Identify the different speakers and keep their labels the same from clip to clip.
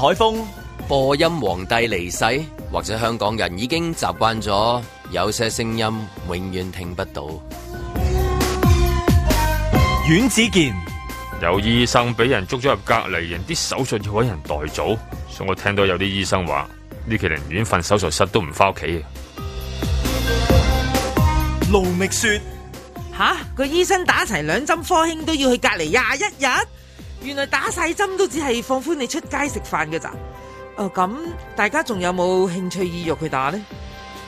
Speaker 1: 海峰播音皇帝離世，或者香港人已經習慣咗有些聲音
Speaker 2: 永遠聽不到。阮子健有醫生俾人捉咗入隔離，人哋啲手術要搵人代做，所以我聽到有啲醫生話，呢期寧願瞓手術室都唔返屋企。
Speaker 3: 盧覓雪：吓、嗰個醫生打齊兩針科興都要去隔離廿一日。原來打晒針都只係放寬你出街食飯㗎咋？誒、哦，咁大家仲有冇興趣意欲去打呢？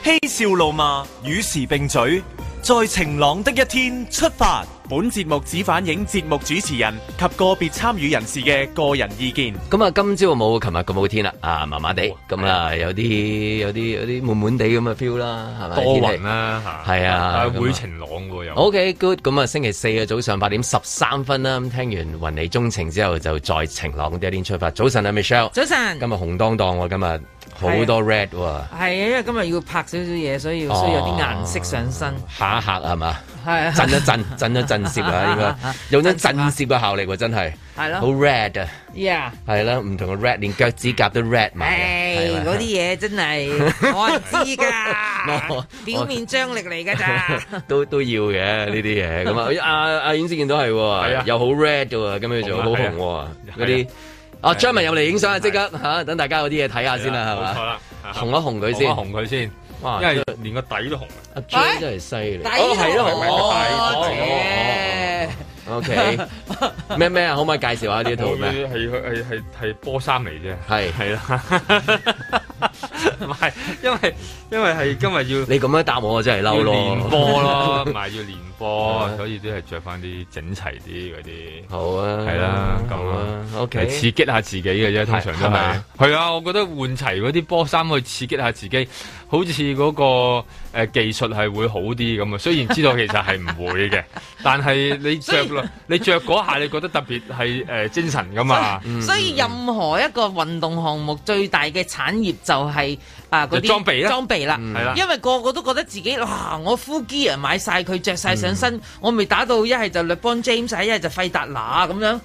Speaker 3: 嬉
Speaker 1: 笑怒罵與時並舉，在晴朗的一天出發。本節目只反映節目主持人及個別參與人士嘅個人意見。咁啊，今朝冇琴日咁好天啦，啊，麻麻地，咁啦，有啲有啲有啲悶悶地咁嘅 feel 啦，係咪多雲啦，係啊，會晴朗嘅，啊，又。OK good，咁啊，星期四啊，早上八點十三分啦，聽完《雲裏鍾情》之後就再晴朗啲，一連出發。早晨啊，Michelle，早晨，今日紅當當，啊，今日。好多 red 喎，
Speaker 3: 係啊，因為今日要拍少少嘢，所以要需要有啲顏色上身，
Speaker 1: 下客係嘛，係震一震，震一震懾啊，呢個用咗震懾嘅效力喎，真係，係咯，好 red 啊 yeah 係啦，唔同嘅 red，連腳趾甲都 red 埋，誒，嗰啲嘢
Speaker 3: 真係我知
Speaker 1: 㗎，表面
Speaker 3: 張力嚟㗎
Speaker 1: 咋，都都要嘅呢啲嘢，咁啊，阿阿尹志健都係，又好 red
Speaker 2: 㗎，咁樣就好紅喎，嗰啲。哦 John
Speaker 1: 又嚟影相啊！即刻吓等大家嗰啲嘢睇下先啦，係咪啦，紅一紅佢先，紅
Speaker 2: 佢先，哇！因為連個底都紅，阿 John 真係犀利，底係咯，底。O K，
Speaker 1: 咩咩啊？可唔可以介紹下呢套咩？係
Speaker 2: 係係係波衫嚟啫，
Speaker 1: 係係咯，唔係因為因為係今日要你咁樣答我，我真係嬲咯，波咯，唔係要連。哦，所
Speaker 2: 以都係着翻啲整齊啲嗰啲，好啊，係啦，咁 OK，刺激下自己嘅啫，通常都係，係啊，我覺得換齊嗰啲波衫去刺激下自己，好似嗰、嗰個、呃、技術係會好啲咁啊。雖然知道其實係唔會嘅， 但係你着啦，以你着嗰下你覺得特別係誒、呃、精神噶嘛所。所以任
Speaker 3: 何一個運動項目最大嘅產業就係、是。嗰啲裝備啦，備嗯、因為個個都覺得自己，哇我呼機啊買晒，佢着晒上身，嗯、我未打到一係就 LeBron James，一係就費達拿，咁樣。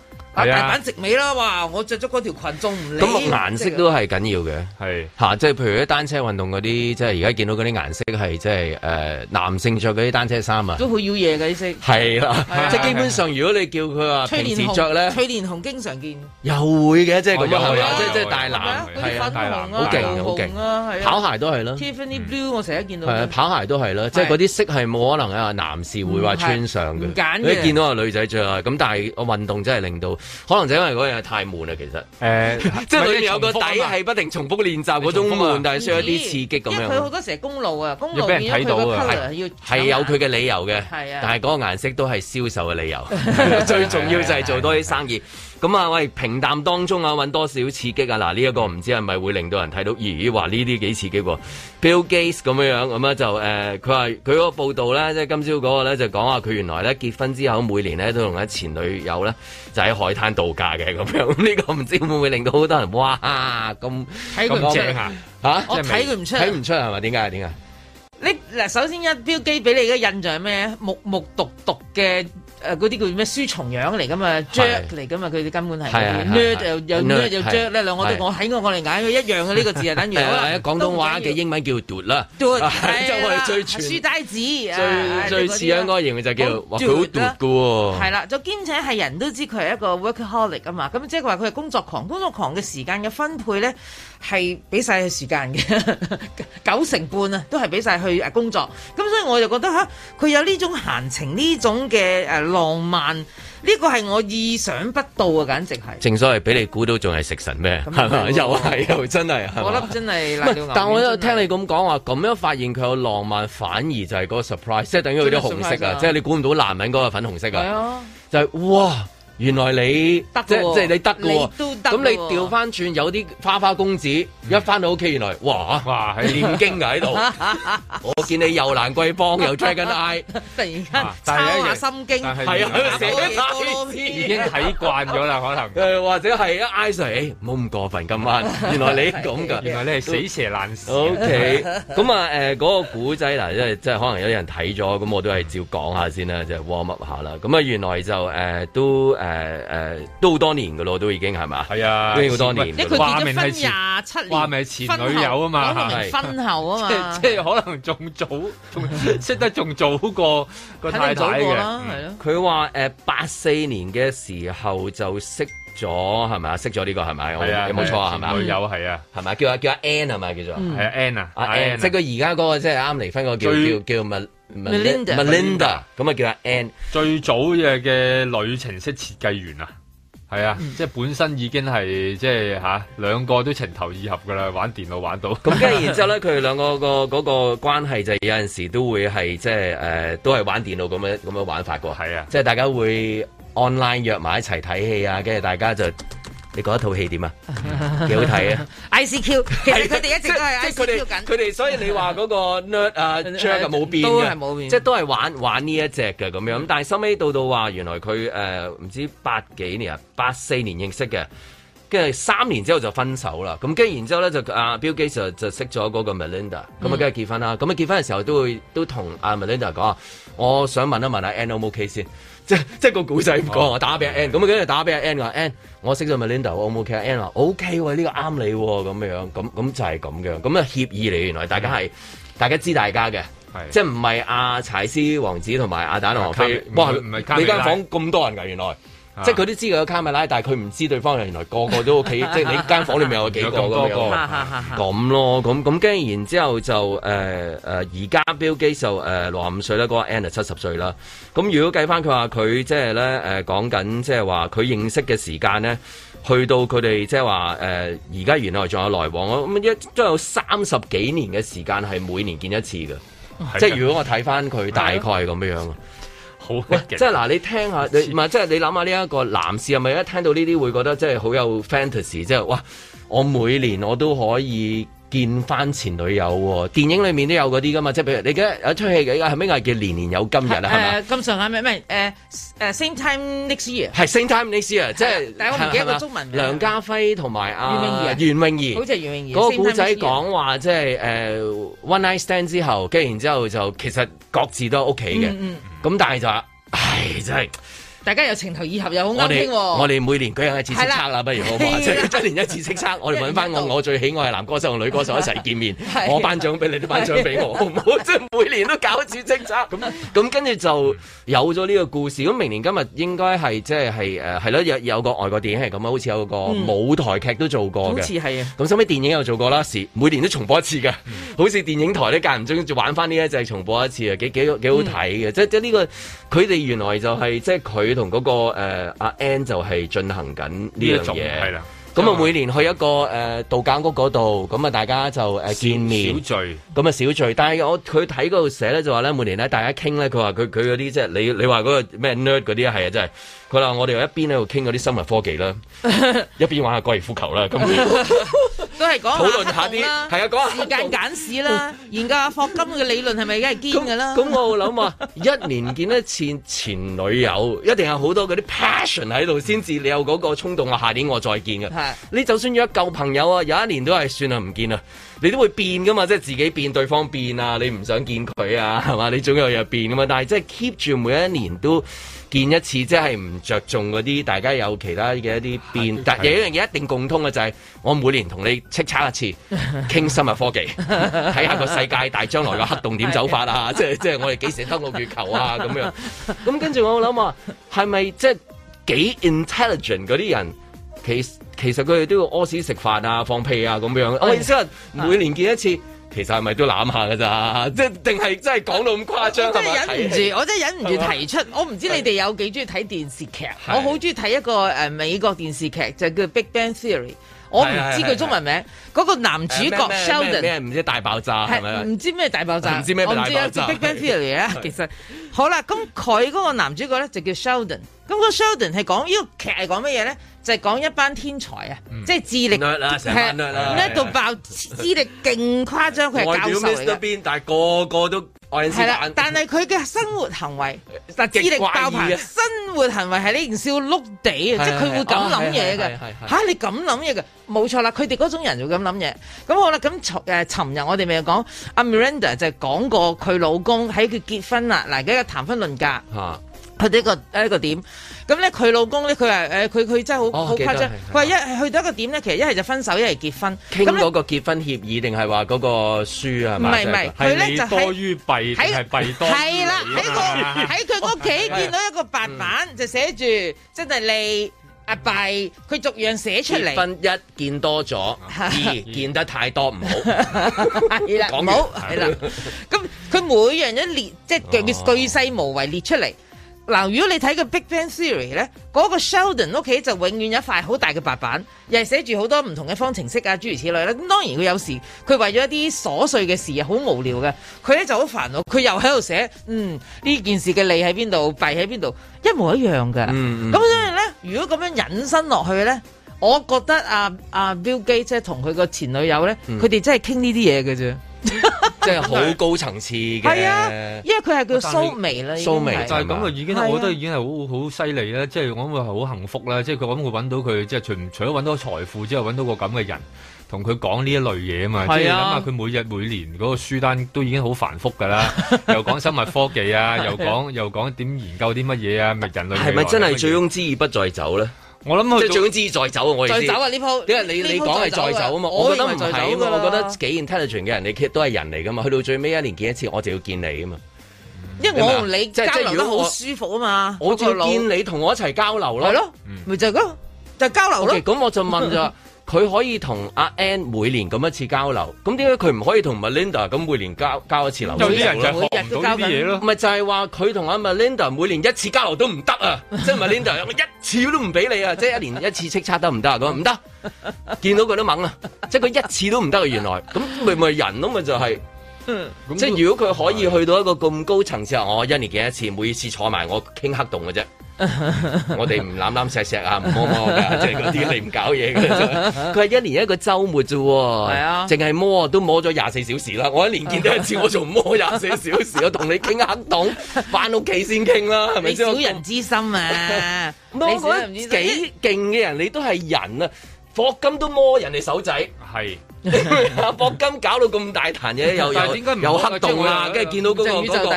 Speaker 3: 大版直尾啦，哇！我着咗嗰條裙仲唔理。咁顏色都係
Speaker 1: 緊要嘅，係，吓，即係譬如啲單車運動嗰啲，即係而家見到嗰啲顏色係即係男性着嗰啲單車衫啊，都
Speaker 3: 好要嘢嘅啲色，係
Speaker 1: 啦，即基本上如果你叫佢話，崔連紅，崔
Speaker 3: 連紅經常見，
Speaker 1: 又會嘅，即係咁啊，即係即係大男，好啊，粉紅啊，藍紅
Speaker 3: 啊，跑鞋都係啦，Tiffany blue 我成日見到，
Speaker 1: 跑鞋都係啦，即係嗰啲色係冇可能啊，男士會話穿上嘅，唔揀嘅，你一你見到啊女仔着啊，咁但係我運動真係令到。可能就因為嗰樣太悶啦，其實，誒、呃，即係裏面有個底係不停重複練習嗰種悶，但係需要一啲刺激咁樣。佢好
Speaker 3: 多成日公路啊，公路入面佢個 colour 要係有佢
Speaker 1: 嘅理由嘅，是的但係嗰個顏色都係銷售嘅理由。 最重要就係做多啲生意。 咁啊，喂！平淡當中啊，搵多少刺激啊？嗱，呢一個唔知係咪會令到人睇到，咦？話呢啲幾刺激喎？Bill Gates 咁樣樣咁啊就誒，佢話佢嗰個報道咧，即係今朝嗰個咧就講話佢原來咧結婚之後每年咧都同啲前女友咧就喺海灘度假嘅咁樣。咁、這、呢個唔知會唔會令到好多人哇？咁睇佢吓，不不啊、我睇佢唔出，睇唔、啊就是、出係咪？點解？點解？
Speaker 3: 嗱，首先一 Bill Gates 俾你嘅印象係咩？木木獨獨嘅。誒嗰啲叫咩書蟲樣嚟㗎嘛 drake 嚟㗎嘛，佢哋根本係，nerd 又 nerd 又 drake 呢兩個都我喺我哋眼佢一樣嘅呢個字啊，等於好啦，
Speaker 1: 廣東話嘅英文叫 dude 啦，係就哋最全書
Speaker 3: 呆子，最最似應該
Speaker 1: 形容就叫話佢好 dude 嘅喎。係啦，
Speaker 3: 就兼且係人都知佢係一個 workaholic 㗎嘛，咁即係話佢係工作狂，工作狂嘅時間嘅分配咧。係俾晒佢時間嘅九成半啊，都係俾晒去誒工作。咁所以我就覺得嚇，佢有呢種閒情呢種嘅誒浪漫，呢個係我意想不到啊，簡直係。
Speaker 1: 正所謂俾你估到仲係食神咩？係又係又真係。係我諗真
Speaker 4: 係。
Speaker 3: 唔但我有
Speaker 1: 聽你咁講話，咁樣發現佢有浪漫，反而就係嗰個 surprise，即係等於佢啲紅色啊，即係你估唔到男人嗰個粉紅色啊。係啊、就係，就哇！原來你得嘅，即係你得嘅喎，咁你調翻轉有啲花花公子一翻到屋企，原來哇哇念經㗎喺度，我見你又蘭桂坊又 check 緊 I，突然
Speaker 4: 間抄下心經，係
Speaker 1: 啊，寫多咗已經睇慣咗啦，可能或者係一嗌誰，誒唔好咁過分今晚，原來你係咁㗎，原來你係死蛇爛屎。O K，咁啊誒嗰個古仔嗱，即係即係可能有啲人睇咗，咁我都係照講下先啦，即係 warm up 下啦。咁啊原來就誒都誒誒，都好多年噶咯，都已經係咪？係啊，已經好多年。啲佢結咗婚廿七
Speaker 4: 年，
Speaker 1: 前女友啊嘛，婚
Speaker 3: 後啊嘛，即係
Speaker 1: 可能仲早，識得仲早過個太太嘅。肯定早過啦，係咯。佢話誒八四年嘅時候就識咗，係嘛？識咗呢個係咪？係啊，有冇錯啊？係嘛？有，係啊，係嘛？叫阿叫阿 Ann 係咪？叫做係阿 Ann
Speaker 2: 啊，阿 Ann，即係佢
Speaker 1: 而家嗰個即係啱離婚個叫叫
Speaker 2: 叫乜？Melinda，咁啊叫阿 Ann 最早嘢嘅旅程式設計員啊，係、mm. 啊，即係本身已經係即係吓、啊、兩個都情投意合噶啦，玩電腦玩到。咁跟住然之後咧，佢哋 兩個個嗰個關係就有陣時都會係即
Speaker 1: 係誒，都係玩電腦咁樣咁樣玩法噶。係啊，即係大家會 online 約埋一齊睇戲啊，跟住大家就。你嗰一套戲點啊？幾 好睇啊！ICQ，
Speaker 3: 其實佢哋一直都係 ICQ 緊，佢哋所以你話
Speaker 1: 嗰個啊 Jag 冇變嘅，都係冇變，即係都係玩玩呢一隻嘅咁樣。咁但係收尾到到話，原來佢誒唔知道八幾年啊，八四年認識嘅，跟住三年之後就分手啦。咁跟住然之後咧就阿、啊、Bill Gates 就，就識咗嗰個 Melinda，咁啊跟住結婚啦。咁啊、嗯、結婚嘅時候都會都同阿、啊、Melinda 講，我想問一問阿 Anno OK 先。即即個古仔唔講，我打俾阿 N，咁啊跟住打俾阿 N 話 N，我識咗 Melinda 我冇傾，啊 N 話 O K 喎，呢個啱你喎，咁樣咁咁就係咁嘅，咁啊協議嚟，原來大家係大家知大家嘅，即即唔係阿柴斯王子同埋阿蛋同阿飛你間房咁多人㗎，原來。即係佢都知有卡米拉，但係佢唔知對方係原來個個都屋企， 即係你間房裏面有幾個 個咁咯，咁咁跟住然之後就誒誒，而家 Bill Gates 就誒六十五歲啦，嗰、嗰個 Anna 七十歲啦。咁如果計翻佢話佢即係咧誒講緊，即係話佢認識嘅時間咧，去到佢哋即係話誒而家原來仲有來往咁一都有三十幾年嘅時間係每年見一次嘅， 即係如果我睇翻佢大概係咁樣 好，即係嗱，你聽下，知你唔係，即係你諗下呢一個男士係咪一聽到呢啲會覺得即係好有 fantasy，即係哇！我每年我都可以。見翻前女友，電影裏面都有嗰啲㗎嘛，即係譬如你記得有一出戲嘅，係咩嗌叫年年有今日啊？係咪？
Speaker 3: 咁上下咩咩誒誒？Same time next year
Speaker 1: 係 Same time next year，是、啊、即係是我唔記得個中文名。吧梁家輝同埋阿袁詠儀，好似袁詠儀嗰
Speaker 3: 個古仔講
Speaker 1: 話，即係誒 one night stand 之後，跟然之後就其實各自都 OK 嘅，咁、嗯嗯、但係就唉真係。
Speaker 3: 大家有情投意合，又好溫馨。我哋我
Speaker 1: 哋每年舉一,一次叱咤啦，不如我話即係一是的 年一次叱咤，我哋揾翻我我最喜愛嘅男歌手同女歌手一齊見面，是的 我頒獎俾你，是的 你頒獎俾我，好唔好？即係是的 每年都搞次叱咤咁，咁跟住就有咗呢個故事。咁明年今日應該係即係係誒係咯，有有個外國電影係咁好似有個舞台劇都做過嘅，咁收尾電影又做過啦，每年都重播一次嘅，好似電影台都間唔中就玩翻呢一隻重播一次幾幾好睇嘅的。即即、這、呢個佢哋原來就係、是、即係佢。同嗰個誒阿 Anne 就係進行緊呢樣嘢，係啦。咁啊，嗯、每年去一個誒、呃、度假屋嗰度，咁啊大家就誒、呃、小見面，咁啊小，聚小聚。但係我佢睇嗰度寫咧，就話咧每年咧大家傾咧，佢話佢佢嗰啲即係你你話嗰個咩 Nerd 嗰啲係啊，真係佢話我哋又一邊喺度傾嗰啲生物科技啦， 一邊玩下高爾夫球啦。咁
Speaker 3: 都係講討論下啲，係啊講下 時間簡史啦，研究下霍金嘅理論係咪真係堅㗎啦？咁 我諗啊，
Speaker 1: 一年見一次前，前女友，一定有好多嗰啲 passion 喺度先至，你有嗰個衝動啊！下年我再見嘅。你就算約舊朋友啊，有一年都係算啊，唔見啊，你都會變噶嘛，即係自己變，對方變啊，你唔想見佢啊，係嘛？你總有日變噶嘛，但係即係 keep 住每一年都見一次，即係唔着重嗰啲，大家有其他嘅一啲變。是的但有一樣嘢一定共通嘅就係、是，我每年同你叱咤 k 一次，傾生物科技，睇下個世界大將來嘅黑洞點走法啊的，即係即係我哋幾時登陸月球啊咁樣。咁跟住我諗話，係咪即係幾 intelligent 嗰啲人，其實？其實佢哋都要屙屎食飯啊、放屁啊咁樣，我意思話每年見一次，的其實係咪都攬下噶咋？即係定係真係講到咁誇張？真係忍唔住，吧戲我真
Speaker 3: 係忍唔住提出。的我唔知你哋有幾中意睇電視劇，的我好中意睇一個誒美國電視劇，就叫 Big Bang Theory。的我唔知佢中文名，嗰的個男主角 Sheldon 咩？
Speaker 1: 唔知大爆炸係咪？唔
Speaker 3: 知咩大爆炸？唔知咩大爆炸？唔知爆炸我唔知 Big Bang Theory 啊的，其實。好啦，咁佢嗰個男主角咧就叫 Sheldon，咁，個 Sheldon 係講呢個劇係講乜嘢咧？就係講一班天才啊，即係智力，係喺度爆智力勁誇張，佢係教授，但
Speaker 1: 係個個都係啦。
Speaker 3: 但係佢嘅生活行為，智力爆棚，生活行為係呢件笑碌地啊，即係佢會咁諗嘢嘅。吓，你咁諗嘢嘅，冇錯啦。佢哋嗰種人就咁諗嘢。咁好啦，咁誒，尋日我哋咪講阿 Miranda 就講過佢老公喺佢結婚啦，嗱談婚論嫁，佢一、這個一、這個點，咁咧佢老公咧佢話誒，佢佢、呃、真係好好誇張，佢話、哦、一去到一個點咧，其實一係就分手，一係結婚，傾嗰
Speaker 1: 個結婚協議定係話嗰個書是不是不是是是是是啊？唔係唔係，佢咧就係利多於弊係弊多，係啦，喺個喺佢屋企見到一
Speaker 3: 個白板就寫，啊啊啊嗯、就寫住真係你。」阿拜，佢逐樣寫出嚟。分
Speaker 1: 一見多咗，二 見得太多唔
Speaker 3: 好。講好，係啦。 咁佢每樣一列，即係巨巨細無遺列出嚟。嗱，如果你睇個 Big Bang Theory 咧，嗰個 Sheldon 屋企就永遠有一塊好大嘅白板，又係寫住好多唔同嘅方程式啊，諸如此類啦。咁當然佢有時佢為咗一啲瑣碎嘅事啊，好無聊嘅，佢咧就好煩惱，佢又喺度寫，嗯，呢件事嘅利喺邊度，弊喺邊度，一模一樣噶。咁所以咧。如果咁樣引申落去咧，我覺得啊阿、啊、Bill Gates 同佢個前女友咧，佢哋真係傾呢啲嘢嘅啫，
Speaker 2: 即係好高層次嘅。係啊，因為
Speaker 3: 佢係叫蘇眉啦，蘇眉就係咁啊，已經我都、就是、
Speaker 2: 已經係好好犀利啦，即係吧我諗佢係好幸福啦，即係佢咁會揾到佢，即係除除咗揾到財富之外，揾到個咁嘅人。同佢講呢一類嘢啊嘛，即係諗下佢每日每年嗰個書單都已經好繁複噶啦，又講生物科技啊，又講又講點研究啲乜嘢啊，咪人類係咪真係最
Speaker 1: 終之意不在走咧？我諗即最終之義在走啊！我意走啊！呢
Speaker 3: 你講你再講係在走啊嘛？我諗得唔係啊，我覺得 i
Speaker 1: n t e l i g e n t 嘅人，你都係人嚟噶嘛，去到最尾一年見一次，我就要見你啊嘛。因為我同你交流得好舒
Speaker 3: 服啊嘛，我就見你
Speaker 1: 同我一齊交流咯，係咯，咪就係咯，就係交流咯。咁我就問咗佢可以同阿 Ann 每年咁一次交流，咁點解佢唔可以同 Melinda 咁每年交交一次流？就呢人就學唔到啲嘢咯。咪就係話佢同阿 Melinda 每年一次交流都唔得啊！即係 Melinda，一次都唔俾你啊！即係 一年一次叱咤得唔得啊？咁唔 得、啊，見到佢都猛啊，即係佢一次都唔得啊！原來咁，咪咪人咁、啊、嘛？就係、是，即係、 嗯、如果佢可以去到一個咁高層次，我、 哦、一年幾一次，每一次坐埋我傾黑洞嘅啫。 我哋唔攬攬錫錫啊，唔摸摸噶，即係嗰啲你唔搞嘢嘅。佢係 一年一個周末啫，係啊，淨係摸都摸咗廿四小時啦。我一年見到一次，我仲摸廿四小時，我同 你傾下黑洞，翻屋企先傾啦，係咪小人之心啊！我覺得幾勁嘅人，你都係人啊，霍金都摸人哋手仔，係。 阿霍金搞到咁大壇嘢，又又有黑洞啦，跟住見到嗰個嗰個宇宙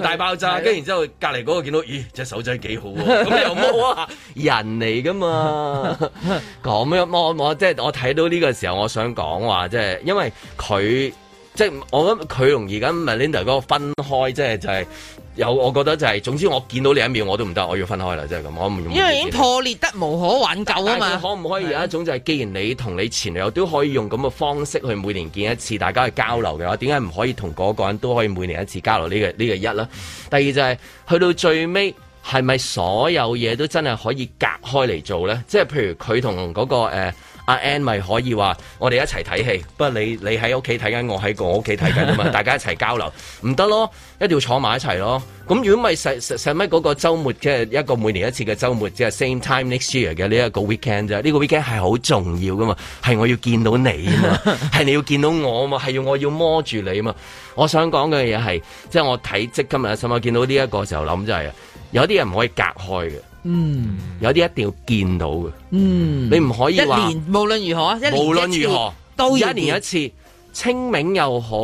Speaker 1: 大爆炸，跟住然之後隔離嗰個見到，咦隻手仔幾好喎，咁又冇啊，人嚟噶嘛？咁樣我我即係我睇到呢個時候，我想講話即係因為佢即係我覺得佢同而家 Melinda 嗰個分開，即係就係。有，我覺得就係，總之我見到你一秒我都唔得，我要分開啦，即係咁，我唔願意。因為已經破裂得無可挽
Speaker 3: 救啊嘛。可
Speaker 1: 唔可以有一種就係，既然你同你前女友都可以用咁嘅方式去每年見一次，大家去交流嘅話，點解唔可以同嗰個人都可以每年一次交流呢？呢個呢個一呢。第二就係，去到最尾，係咪所有嘢都真係可以隔開嚟做呢？即係譬如佢同嗰個，呃阿 Ann 咪可以話，我哋一齊睇戲。不過你你喺屋企睇緊，我喺我屋企睇緊啊嘛。大家一齊交流，唔得咯，一定要坐埋一齊咯。咁如果咪係，甚甚乜嗰個週末即係一個每年一次嘅週末，即係 same time next year 嘅呢一個 weekend 啫。呢、呢個 weekend 係好重要噶嘛，係我要見到你啊嘛，係你要見到我啊嘛，係要我要摸住你啊嘛。我想講嘅嘢係，即係我睇即今日甚乜見到呢一個時候諗就係、係、有啲人唔可以隔開嘅。嗯，有啲一定要見到嘅。嗯，你唔可以話，
Speaker 3: 一年，無論如何，一年一
Speaker 1: 次，清明又好，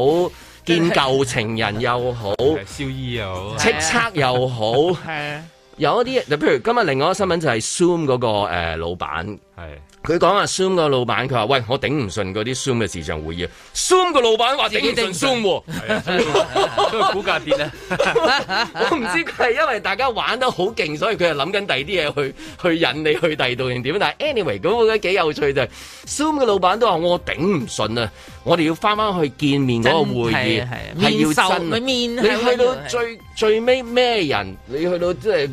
Speaker 1: 的見舊情人又好，燒衣又，又好，叱咤又好。係啊。有一啲就譬如今日另外個新聞就係 Zoom 嗰個誒老闆，係佢講啊，Zoom 個老闆佢話：喂，我頂唔順嗰啲 Zoom 嘅視像會議。Zoom 個老闆話頂唔順 Zoom，股價跌咧。我唔知佢係因為大家玩得好勁，所以佢係諗緊第二啲嘢去去引你去第二度定點。但係 anyway，咁我覺得幾有趣就係 Zoom 嘅老闆都話我頂唔順啊！我哋要翻翻去見面嗰個會議係要真你去到最最尾咩人？你去到即係。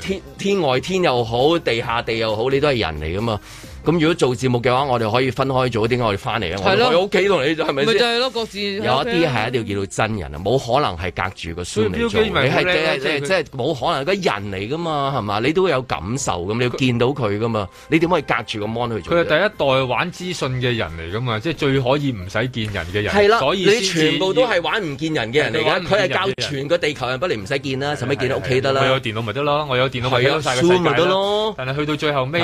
Speaker 1: 天天外天又好，地下地又好，你都係人嚟噶嘛？咁如果做節目嘅話，我哋可以分開做，點解我哋翻嚟啊？係咯，喺屋企同你做係咪先？咪就係咯，各自有一啲係一定要見到真人啊！冇可能係隔住個 screen 係即係即係冇可能嗰人嚟噶嘛？係嘛？你都有感受咁，你要見到佢
Speaker 2: 噶嘛？你點可以隔住個 mon 去做？佢係第一代玩資訊嘅人嚟噶嘛？即係最可以唔使見人嘅人，所以你全部都係玩唔見人嘅人嚟嘅。佢係教全個地球人不離
Speaker 1: 唔使見啦，使咪見到屋企得啦？佢有電腦
Speaker 2: 咪得咯，我有電腦咪得咯，screen 咪得咯。但係去到最後
Speaker 1: 屘，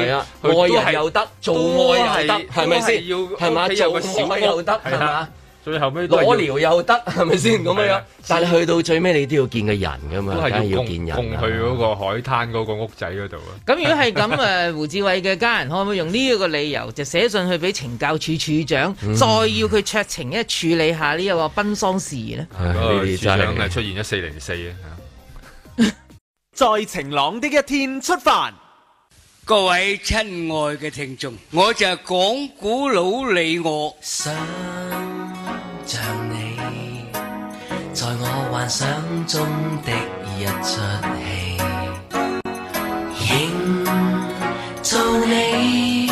Speaker 1: 愛又得。做愛又得，係咪先？要，係嘛，做可愛又得，係嘛？最後屘攞療又得，係咪先咁嘅樣？但係去到最尾你都要見個人
Speaker 2: 噶嘛，梗係要見人。送去嗰個海灘嗰個屋仔嗰度啊！
Speaker 3: 咁如果係咁啊，胡志偉嘅家人可唔可以用呢一個理由就寫信去俾懲教處處長，再要佢酌情一處理下呢一個奔喪事宜
Speaker 2: 呢？處係出現咗四零四啊！
Speaker 5: 在晴朗的一天出發。各位親愛嘅聽眾，我就係講古佬李我。想像你，在我幻想中的一出戲，影做你，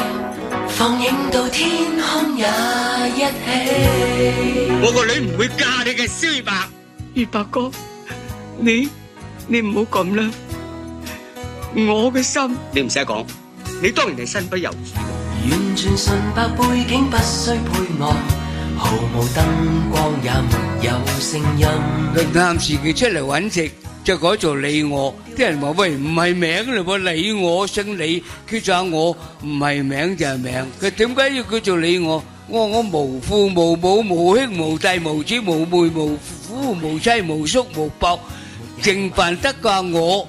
Speaker 5: 放映到天空也一起。我個女唔會嫁你嘅，蕭月白。月白哥，你你唔好咁啦。我嘅心，你唔使講，你當然係身不由主。完全純白背景，不需配樂，毫無燈光也沒有聲音。佢啱時佢出嚟揾食，就改做李我。啲人話：喂，唔係名嚟噃，李我姓李，叫做我唔係名就係名。佢點解要叫做李我？我話我無父無母無兄無弟無子無妹無夫無妻無叔無伯，淨犯得怪我。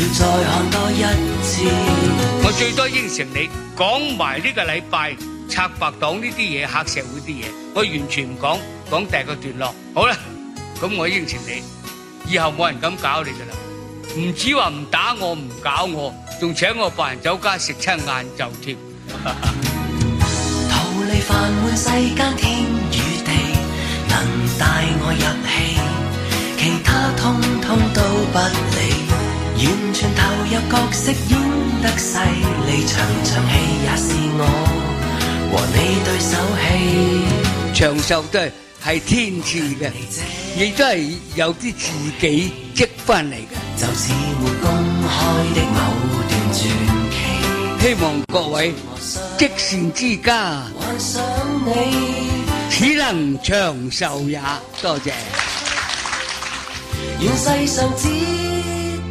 Speaker 5: 要再看多一次我最多應承你講埋呢個禮拜拆白黨呢啲嘢黑社會啲嘢，我完全唔講，講第二個段落。好啦，咁我應承你，以後冇人咁搞你噶啦，唔止話唔打我唔搞我，仲請我白人酒家食餐晏晝添。 逃離繁滿世間天與地，能帶我入戲，其他通通都不理。完全投入角色演得細膩，長長戲也是我和你對手戲，長壽都係天賜嘅，亦都係有啲自己積翻嚟嘅，就似沒公開的某段傳奇，希望各位積善之家，幻想你只能長壽，也多謝願世上之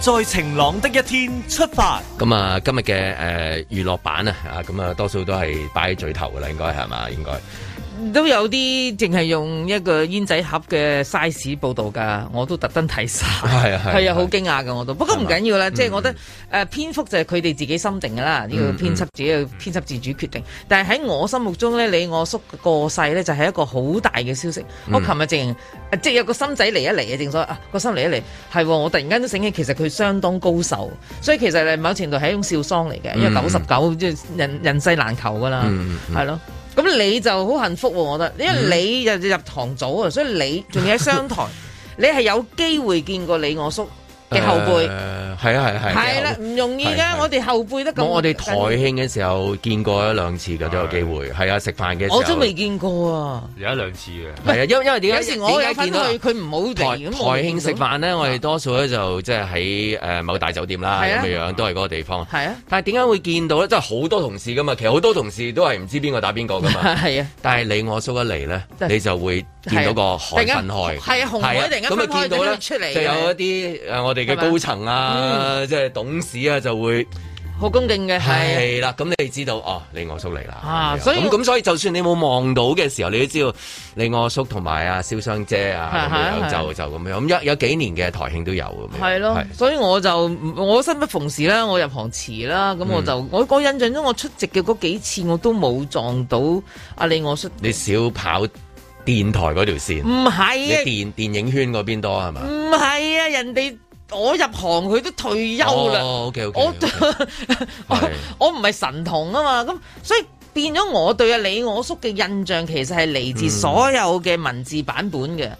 Speaker 1: 在晴朗的一天出發。咁啊，今日嘅、呃、娛樂版啊，啊，咁啊，多數都係擺喺最頭噶啦，應該係嘛，應該。
Speaker 3: 都有啲淨係用一個煙仔盒嘅 size 報道噶，我都特登睇
Speaker 4: 晒，係啊係啊，好
Speaker 3: 驚訝噶我都。不過唔緊要啦，即係我覺得誒篇幅就係佢哋自己心定噶啦，呢個編輯自己編輯自主決定。但係喺我心目中咧，你我叔過世咧就係一個好大嘅消息。我琴日淨即係有個心仔嚟一嚟嘅正所啊個心嚟一嚟係喎，我突然間都醒起，其實佢相當高壽，所以其實某程度係一種笑喪嚟嘅，因為九十九即係人人世難求噶啦，係咯。咁你就好幸福喎，啊，我覺得，因為你入入堂組啊，嗯、所以你仲要喺商台， 你係有機會見過你我叔
Speaker 1: 嘅後輩。呃係啊，係係，係啦
Speaker 3: 唔容易噶，我哋後輩都咁。我我哋台
Speaker 1: 慶嘅時候見過一兩次噶，都有機會，係啊食飯嘅時候。我都未
Speaker 3: 見過啊！有
Speaker 2: 一兩次
Speaker 1: 嘅，係啊，因因為點解有時我有見到
Speaker 3: 佢唔好台台慶食
Speaker 1: 飯咧，我哋多數咧就即係喺誒某大酒店啦，咁樣樣都係嗰個地方。係啊，但係點解會見到咧？即係好多同事噶嘛，其實好多同事都係唔知邊個打邊個噶嘛。係啊，但係你我叔一嚟咧，你就會。見到個海分開，係啊紅海，突然間分開咁啊！見到呢？出嚟，就有一啲誒，我哋嘅高層啊，即係董事啊，就會好恭敬嘅。係。係啦，咁你哋知道哦，李我叔嚟啦
Speaker 3: 啊。所以咁
Speaker 1: 所以就算你冇望到嘅時候，你都知道李我叔同埋啊蕭湘姐啊，就就咁樣咁有有幾年嘅台慶都有咁
Speaker 3: 樣。係咯，所以我就我身不逢時啦，我入行遲啦，咁我就我我印象中我出席嘅嗰幾次我都冇撞到
Speaker 1: 阿李我叔。你少跑。電台嗰條線唔
Speaker 3: 係啊，電
Speaker 1: 電影圈嗰邊多係
Speaker 3: 嘛？唔係啊，人哋我入行佢都退休啦。Oh, okay, okay, okay, 我 okay, 我唔係係神童啊嘛，咁所以變咗我對阿李我叔嘅印象，其實係嚟自所有嘅文字版本嘅。嗯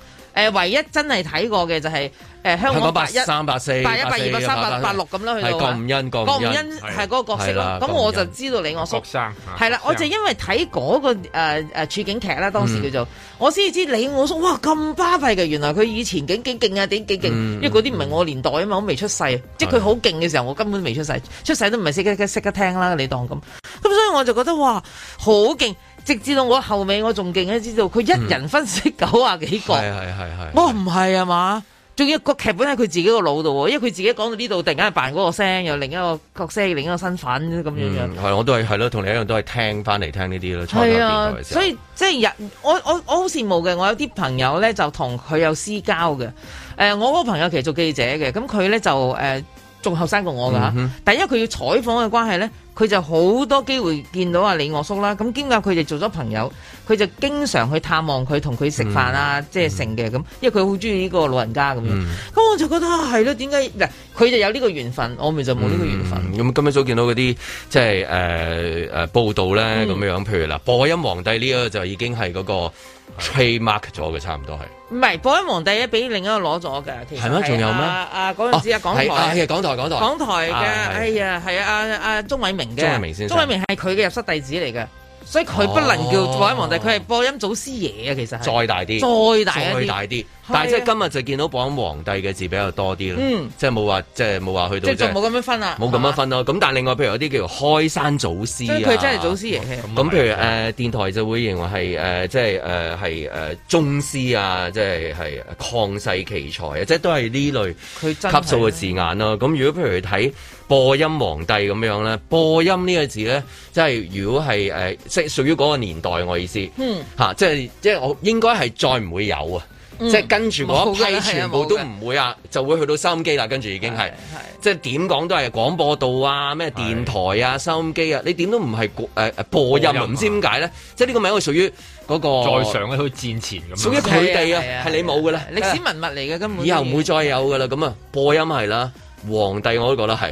Speaker 3: 唯一真係睇過嘅就係香港八一三八四八一八二八三八八六咁啦，去到國五欣，國五係嗰個角色啦咁的我就知道李我叔，係啦，我就因為睇嗰、嗰個誒處、呃、處境劇啦，當時叫做、嗯、我先至知李我叔哇咁巴閉嘅，原來佢以前幾幾勁啊，幾幾勁。嗯嗯嗯因為嗰啲唔係我年代啊嘛，我未出世，的即係佢好勁嘅時候，我根本未出世，出世都唔係識、識得聽啦。你當咁，咁所以我就覺得哇，好勁！直至到我後尾我仲勁知道佢一人分飾九啊幾個、嗯， 我唔係啊嘛，仲要個劇本喺佢自己個腦度，因為佢自己講到呢度，突然間扮嗰個聲，又另一個角色，另一個身份咁樣樣。係、
Speaker 1: 嗯，我都係係咯，同你一樣都係聽翻嚟聽呢啲咯。係
Speaker 3: 啊、嗯，所以即係人，我我我好羨慕嘅，我有啲朋友咧就同佢有私交嘅。誒、呃，我嗰個朋友其實做記者嘅，咁佢咧就誒仲後生過我㗎，但係、嗯哼，因為佢要採訪嘅關係咧。佢就好多機會見到阿李我叔啦，咁兼夾佢哋做咗朋友，佢就經常去探望佢，同佢食飯啊，即係剩嘅咁，因為佢好中意呢個老人家咁樣。咁、嗯、我就覺得係咯，點解嗱佢就有呢個緣分，我咪就冇呢個
Speaker 1: 緣分？咁、嗯嗯、今日所見到嗰啲即係誒誒報道咧，咁樣樣，譬如嗱播音皇帝呢個就已經係嗰、嗰個。Trademark 咗嘅，差唔多係。
Speaker 3: 唔係《播音皇帝》一俾另一個攞咗嘅，添、啊。係咩？仲有咩？啊！嗰陣時啊，港台。啊港台，港台。港台嘅，係啊，啊、哎、啊，啊啊鍾偉明嘅。鍾偉明先。鍾偉明係佢嘅入室弟子嚟嘅。所以佢不能叫播
Speaker 1: 音皇帝，佢係播音祖師爺啊！其實再大啲，再大啲，再大啲。但係即係今日就見到播音皇帝嘅字比較多啲啦。嗯，即係冇話，即係冇話去到即係仲冇咁
Speaker 3: 樣分啦。冇咁樣
Speaker 1: 分咯。咁但係另外譬如有啲叫做開山祖師啊，即係佢真係
Speaker 3: 祖師爺。
Speaker 1: 咁譬如誒電台就會認為係誒即係誒係誒宗師啊，即係係曠世奇才啊，即係都係呢類級數嘅字眼咯。咁如果譬如你睇。播音皇帝咁樣咧，播音呢個字咧，即係如果係誒，即係屬於嗰個年代我意思，嗯，嚇，即係即係我應該係再唔會有啊，即係跟住嗰一批全部都唔會啊，就會去到收音機啦，跟住已經係，即係點講都係廣播道啊，咩電台啊、收音機啊，你點都唔係誒播音，唔知點解咧？即係呢個名係屬於嗰個在上佢戰前咁樣，屬於佢哋啊，係你冇嘅咧，
Speaker 4: 歷史
Speaker 3: 文物嚟嘅根本，以後唔會
Speaker 1: 再有㗎啦，咁啊，播音係啦。皇帝我都覺得係，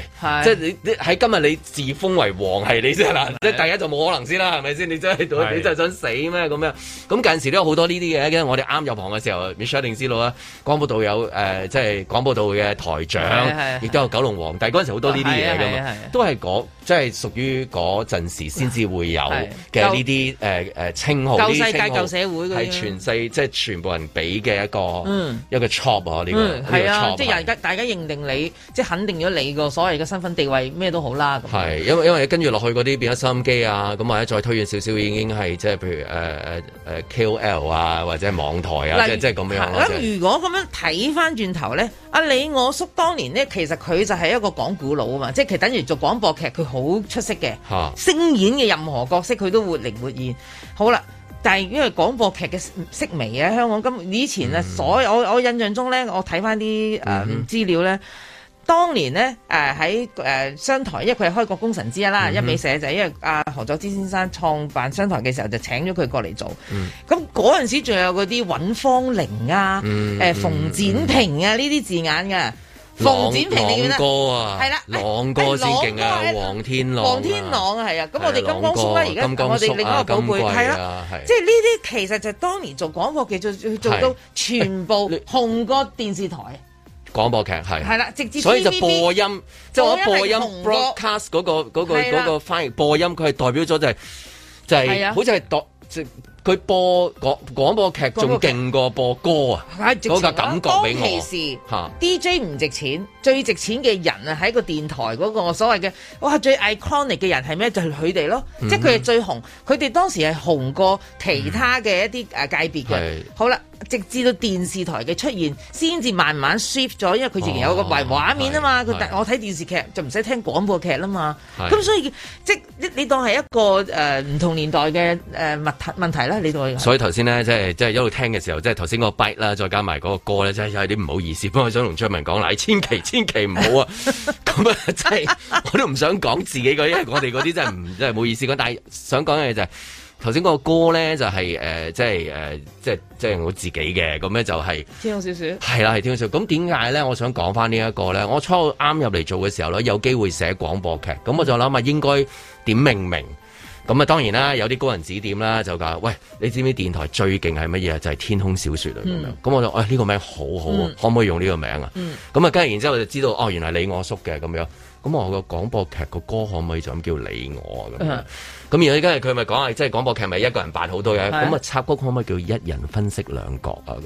Speaker 1: 是即係你喺今日你自封為皇係你先啦，是的即係第一就冇可能先啦，係咪先？你真係的你真係想死咩？咁樣咁近時都有好多呢啲嘢，我哋啱入行嘅時候 Michelle 定思路啊，廣播的道有，誒、呃，即係廣播道嘅台長，亦都的有九龍皇帝嗰陣時好多呢啲嘢噶嘛，的都係講。的即係屬於嗰陣時先至會有嘅呢啲誒誒稱號，舊世界舊社會，係全世即係全部人俾嘅一個一個 job 啊！呢個係啊，即係人
Speaker 3: 家大家認定你，即係肯定咗你個所謂嘅身份地位，咩都好啦。
Speaker 1: 係因為因為跟住落去嗰啲變咗收音機啊，咁或者再推遠少少已經係即係譬如誒誒誒 KOL 啊，或者網台啊，即係咁樣。咁如
Speaker 3: 果咁樣睇翻轉頭咧，李我叔當年呢，其實佢就係一個講古佬啊嘛，即係其實等於做廣播劇，佢。好出色嘅，哈聲演嘅任何角色佢都活靈活現。好啦，但係因為廣播劇嘅色味啊，香港今以前啊，所、嗯、我我印象中呢，我睇返啲誒資料呢，當年呢，誒喺誒商台，因為佢係開國功臣之一啦，嗯、哼一米社就因為阿、啊、何佐芝先生創辦商台嘅時候就請咗佢過嚟做，咁嗰陣時仲有嗰啲尹芳玲啊，誒、嗯呃、馮展平啊呢啲、嗯嗯、字眼噶。馮展萍哥啊？係啦，
Speaker 1: 朗哥先勁啊！黃天朗黃天朗
Speaker 3: 係啊，咁我哋咁光鬆啦，而家我哋另一個寶貝係啦，即係呢啲其實就當年做廣播劇，做做到全部紅過電視台。
Speaker 1: 廣播劇係係啦，直接所以就播音，即係我播音 broadcast 嗰個嗰個嗰個翻譯播音，佢係代表咗就係就係好似係當即。佢播廣廣播劇仲勁過播歌啊！嗰個感覺俾我。當其時，吓
Speaker 3: DJ 唔值錢，最值錢嘅人啊，喺個電台嗰個所謂嘅，哇最 iconic 嘅人係咩？就係佢哋咯，嗯、即係佢哋最紅，佢哋當時係紅過其他嘅一啲誒界別嘅。嗯、好啦。直至到電視台嘅出現，先至慢慢 shift 咗，因為佢自己有個畫畫面啊嘛。佢但係我睇電視劇就唔使聽廣播劇啦嘛。咁是所以即你，你當係一個誒唔、呃、同年代嘅誒、呃、問題問題啦。你當所以頭
Speaker 1: 先咧，即係即係一路聽嘅時候，即係頭先嗰個 bite 啦，再加埋嗰個歌咧，真係有啲唔好意思。我想同張文講啦，千祈千祈唔好啊！咁啊， 真係我都唔想講自己個，因為我哋嗰啲真係唔真係冇意思講，但係想講嘅嘢就係。頭先嗰個歌咧就係誒，即係誒，即係即係我自己嘅，咁咧就係
Speaker 3: 天空小説，
Speaker 1: 係啦，係天空小説。咁點解咧？我想講翻呢一個咧，我初啱入嚟做嘅時候咧，有機會寫廣播劇，咁我就諗啊，應該點命名？咁啊，當然啦，有啲高人指點啦，就講喂，你知唔知電台最勁係乜嘢？就係天空小説咁樣。咁我就喂，呢個名好好，嗯、可唔可以用呢個名啊？咁啊、嗯，跟、嗯、住然之後我就知道，哦，原來你我叔嘅咁樣。咁我個廣播劇個歌可唔可以就咁叫你我咁樣？咁而家啲今日佢咪講啊，即係廣播劇咪一個人扮好多嘢？咁啊，插曲可唔可以叫一人分飾兩角啊？咁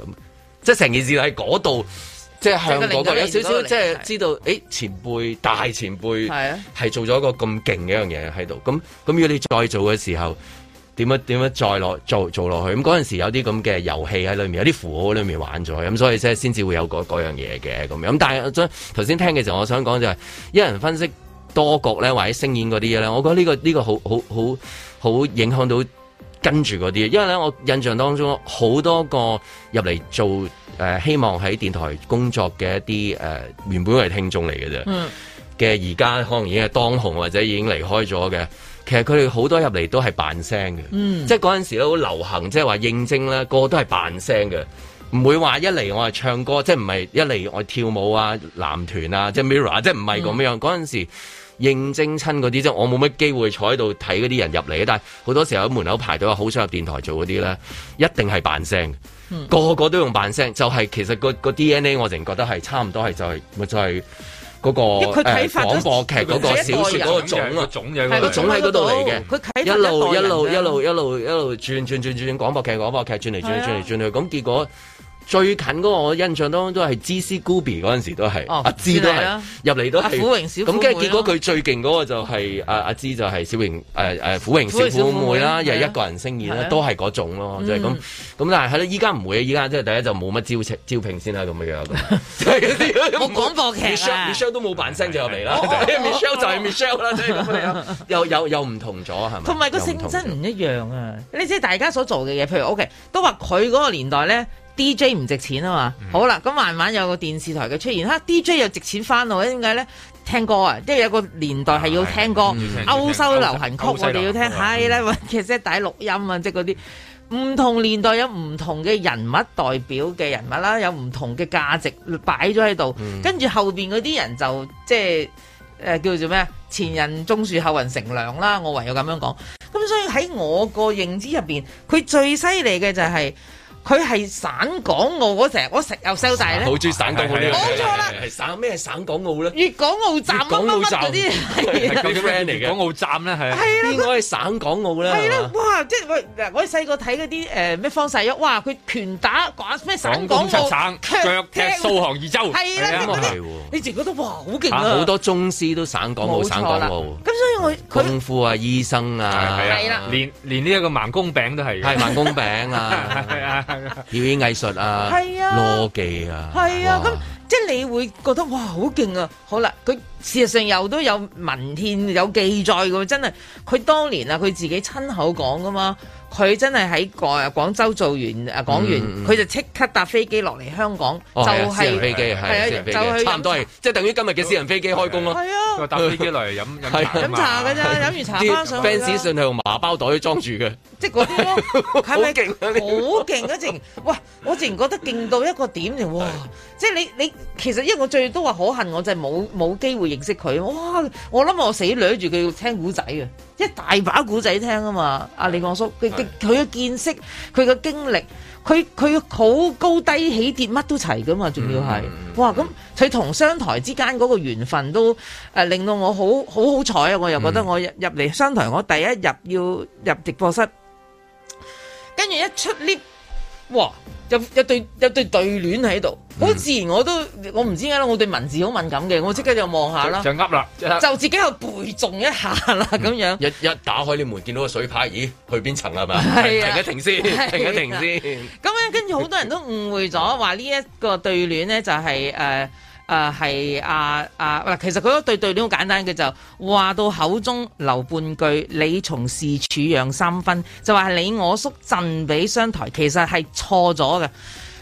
Speaker 1: 即係成件事喺嗰度，即係向嗰個有少少，即係知道誒，前輩大前輩係啊，係做咗一個咁勁嘅樣嘢喺度。咁咁如果你再做嘅時候。點樣點樣再落做做落去？咁嗰陣時有啲咁嘅遊戲喺裏面，有啲符號喺裏面玩咗，咁所以即係先至會有嗰樣嘢嘅咁。咁但係，頭先聽嘅時候，我想講就係、是、一人分析多角咧，或者聲演嗰啲嘢咧，我覺得呢、這個呢、這個好好好好影響到跟住嗰啲。因為咧，我印象當中好多個入嚟做、呃、希望喺電台工作嘅一啲、呃、原本係聽眾嚟嘅啫，嘅而家可能已經係當紅或者已經離開咗嘅。其實佢哋好多入嚟都係扮聲嘅，嗯、即係嗰陣時都好流行，即係話應徵啦，個個都係扮聲嘅，唔會話一嚟我係唱歌，即係唔係一嚟我係跳舞啊，男團啊，即係 Mirror 啊，即係唔係咁樣。嗰陣時應徵親嗰啲，即係我冇乜機會坐喺度睇嗰啲人入嚟，但係好多時候喺門口排隊好想入電台做嗰啲咧，一定係扮聲，嗯、個個都用扮聲，就係、是、其實個個 DNA 我淨覺得係差唔多、就是，係就係咪就係。嗰、那個、呃、廣播劇嗰個小説嗰個種啊，種樣，係個種喺嗰度嚟嘅，哦、一,一路一路一路一路一路轉轉轉轉廣播劇廣播劇轉嚟轉去轉嚟轉去，咁、啊、結果。最近嗰個我印象當中都係 G C g o b i 嗰陣時都係阿芝都係入嚟都阿虎榮小，咁跟住結果佢最勁嗰個就係阿阿芝就係小榮誒誒虎榮小虎妹啦，又係一個人聲演啦，都係嗰種咯，即係咁咁。但係係依家唔會啊，依家即係大家就冇乜招招聘先啦，咁樣。冇廣播劇啊！Michelle 都冇扮聲就入嚟啦，Michelle 就係 Michelle 啦，又又又唔同咗係咪？同埋
Speaker 3: 個性質唔一樣啊！你知大家所做嘅嘢，譬如 OK，都話佢嗰個年代咧。D J 唔值錢啊嘛，嗯、好啦，咁慢慢有個電視台嘅出現，吓、啊、D J 又值錢翻咯，點解咧？聽歌啊，即係有個年代係要聽歌，歐、啊嗯、洲流行曲我哋要聽，係咧，啊的嗯、其實即係錄音啊，即係嗰啲唔同年代有唔同嘅人物代表嘅人物啦，有唔同嘅價值擺咗喺度，嗯、跟住後邊嗰啲人就即係誒、呃、叫做咩？前人種樹，後人乘涼啦，我唯有咁樣講。咁所以喺我個認知入邊，佢最犀利嘅就係、是。佢係省港澳嗰成，我成日 sell 晒，
Speaker 2: 咧。好中意省港澳啲。講錯啦，係
Speaker 1: 省咩？省港澳咧、啊。粵港澳站嗰啲。係啲 friend
Speaker 2: 嚟嘅。港澳站咧，係。係啦。應該係省港澳啦。係啦、啊。
Speaker 1: 即
Speaker 4: 係
Speaker 3: 我哋細個睇嗰啲誒咩方世玉，哇！佢拳打寡咩省港澳，腳
Speaker 1: 踢蘇杭二州，係啊，你你你，
Speaker 3: 你直覺得哇好勁啊！好多
Speaker 1: 宗師都省港澳，省港澳。咁所以我功夫啊，醫生啊，係啦，連連呢一個盲公餅都係，係盲公餅啊，表演藝術啊，係啊，邏輯啊，係啊，
Speaker 3: 咁。即係你會覺得哇好勁啊！好啦，佢事實上又都有文獻有記載㗎喎，真係佢當年啊佢自己親口講㗎嘛。佢真係喺廣廣州做完誒講完，佢就即刻搭飛機落嚟香港，就係私人飛機，係啊，就去差唔
Speaker 1: 多係，即係等於今日嘅私人飛機開工咯。係啊，搭飛機落嚟飲飲茶嘅咋，飲完茶翻上去。fans 信係用麻包袋裝住嘅，即係
Speaker 3: 嗰啲咯，係咪勁？好勁啊！直情哇！我直情覺得勁到一個點哇！即係你你其實，因為我最多話可恨，我就冇冇機會認識佢。哇！我諗我死女住佢要聽古仔嘅。一大把古仔聽啊嘛，阿李光叔佢佢佢嘅見識，佢嘅經歷，佢佢好高低起跌，乜都齊噶嘛，仲要係，嗯嗯、哇咁佢同商台之間嗰個緣分都誒、呃、令到我好好好彩啊！我又覺得我入嚟、嗯、商台，我第一日要入直播室，跟住一出 lift。哇！有有對有對對聯喺度，好自然我都我唔知點解啦，我對文字好敏感嘅，我即刻就望下啦。就噏啦，就，就自己又
Speaker 1: 背誦一下啦，咁、嗯、樣。一一打開啲門，見到個水牌，咦？去邊層啦？係咪是、啊？ 停一停先，啊、停一停先。
Speaker 3: 咁、啊、樣跟住好多人都誤會咗，話呢一個對聯咧就係、是、誒。呃誒係、呃、啊啊嗱，其實佢嗰對對聯好簡單嘅，就是，就話到口中留半句，你從事處讓三分，就話你我叔贈俾商台，其實係錯咗嘅，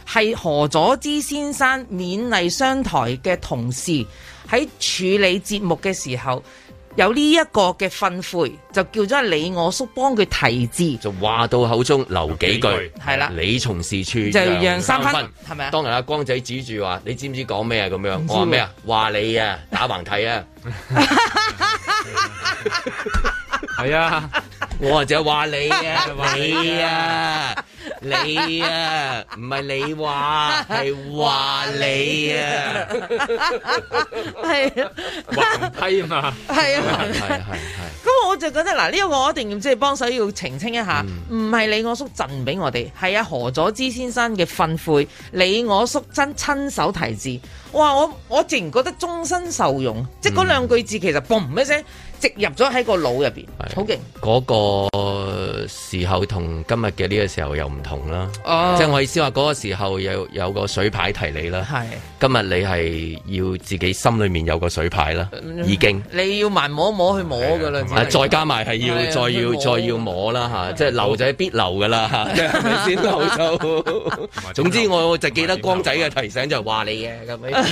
Speaker 3: 係何佐芝先生勉勵商台嘅同事喺處理節目嘅時候。有呢一個嘅訓誨，就叫咗李我叔幫佢題字，就話到
Speaker 1: 口中留幾句，係啦，你從事處就讓三分係咪？分嗎當然阿光仔指住話：你知唔知講咩啊？咁樣知我話咩啊？話你啊，打橫睇啊，係啊，我就話你啊， 你啊。你啊你啊，唔係你話，係話你啊，係啊，橫批嘛，係啊，係
Speaker 3: 啊，係咁我就覺得嗱，呢個我一定要即係幫手要澄清一下，唔係你我叔贈俾我哋，係阿何佐之先生嘅憤悔，你我叔真親手提字，哇，我我自然覺得終身受用，即係嗰兩句字其實嘣一聲。植入咗喺個腦入面，好勁。
Speaker 1: 嗰個時候同今日嘅呢個時候又唔同啦，即係我意思話嗰個時候有有個水牌提你啦，係今日你係要自己心裏面有個水牌啦，已經你要慢
Speaker 3: 摸摸去摸噶啦，再加埋係要再要再
Speaker 1: 要摸啦嚇，即係留就必留噶啦嚇，先留到。總之我就記得光仔嘅提醒就係話你嘅咁樣，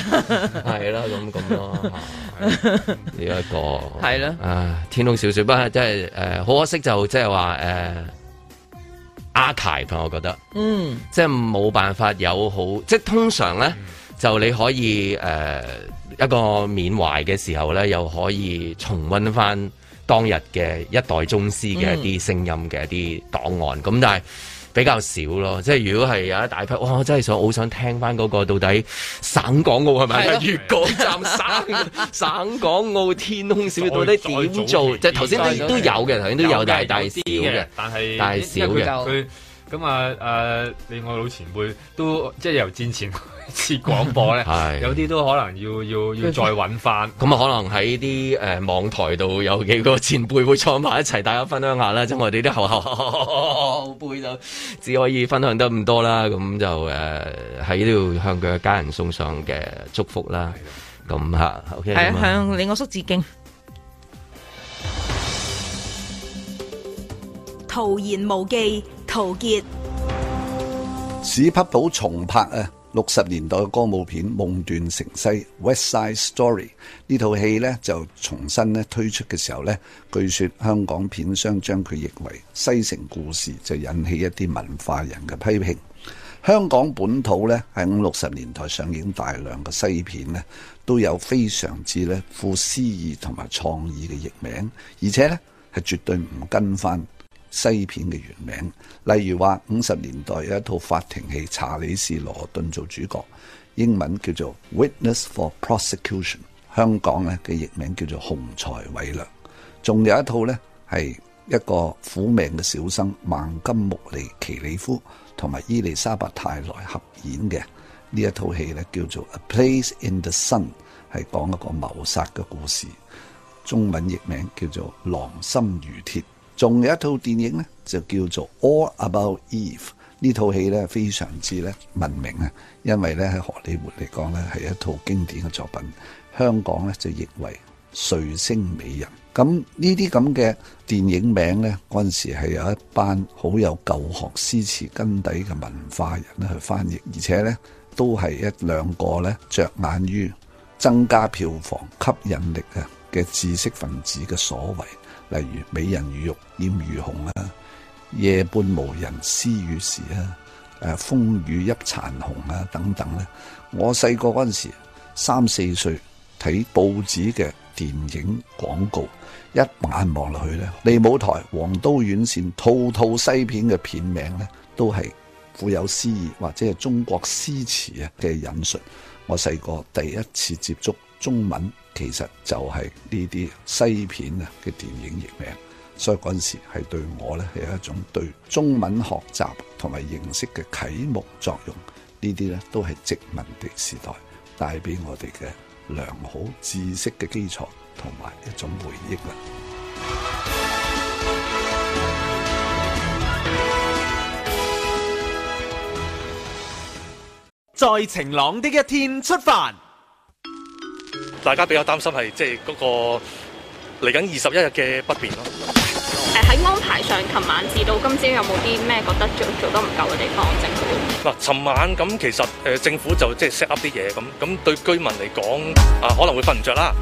Speaker 1: 係啦咁咁咯，呢一個係啦。啊、呃！天空小說，不係真係誒，好、呃、可惜就即係話誒，阿泰同我覺得，嗯，即係冇辦法有好，即係通常咧、mm. 就你可以誒、呃、一個緬懷嘅時候咧，又可以重溫翻當日嘅一代宗師嘅一啲聲音嘅一啲檔案，咁、mm. 但係。比較少咯，即係如果係有一大批，哇、哦！我真係想好想聽翻、那、嗰個到底省港澳係咪粵港站 省省港澳天空小，再到底點做？即係頭先都有嘅，頭先都有，有的但大大少嘅，但係大少嘅。佢
Speaker 2: 咁啊誒，你我老前輩都即係由戰前。設廣播咧， 有啲都可能要要要再揾翻，咁啊可能喺啲誒網
Speaker 1: 台度有幾個前輩會坐埋一齊，大家分享下啦。咁 我哋啲後後輩就只可以分享得咁多啦。咁就誒喺呢度向佢家人送上嘅祝福啦。咁吓，ok，係啊，向
Speaker 3: 李我叔致敬。陶言無忌，
Speaker 1: 陶傑
Speaker 6: 史匹堡重拍啊！六十年代嘅歌舞片《夢斷城西》（West Side Story） 呢套戲呢，就重新呢推出嘅時候呢，據說香港片商將佢譯為《西城故事》，就引起一啲文化人嘅批評。香港本土呢，喺五六十年代上映大量嘅西片呢，都有非常之呢、富詩意同埋創意嘅譯名，而且呢，係絕對唔跟翻西片嘅原名，例如話五十年代有一套法庭戲，查理士羅頓做主角，英文叫做《Witness for Prosecution》，香港咧嘅譯名叫做《雄才偉略》。仲有一套咧係一個苦命嘅小生，孟金木利奇里夫同埋伊麗莎白泰萊合演嘅呢一套戲咧，叫做《A Place in the Sun》，係講一個謀殺嘅故事，中文譯名叫做《狼心如鐵》。仲有一套電影呢，就叫做《All About Eve》。呢套戲呢，非常之咧聞名，啊，因為咧喺荷里活嚟講呢係一套經典嘅作品。香港呢，就譯為《彗星美人》。咁呢啲咁嘅電影名呢，嗰陣時係有一班好有舊學詩詞根底嘅文化人咧去翻譯，而且呢都係一兩個呢，着眼於增加票房吸引力啊嘅知識分子嘅所為。例如美人如玉掩如虹啊，夜半無人私語時啊，誒風雨一殘紅啊等等咧。我細個嗰陣時，三四歲睇報紙嘅電影廣告，一眼望落去咧，利舞台、黃都院線套套西片嘅片名咧，都係富有詩意或者係中國詩詞啊嘅引述。我細個第一次接觸中文。其實就係呢啲西片啊嘅電影譯名，所以嗰陣時係對我呢係有一種對中文學習同埋認識嘅啟蒙作用。呢啲呢都係殖民地時代帶俾我哋嘅良好知識嘅基礎同埋一種回憶啦。
Speaker 2: 在晴朗的一天出發。大家比較擔心係即係嗰個嚟緊二十一日嘅不便咯。
Speaker 3: 誒喺安排上，琴晚至到今朝有冇啲咩覺得做做得唔夠嘅地方？政府
Speaker 2: 嗱，琴晚咁其實誒政府就即係 set up 啲嘢咁，咁對居民嚟講啊，可能會瞓唔着啦。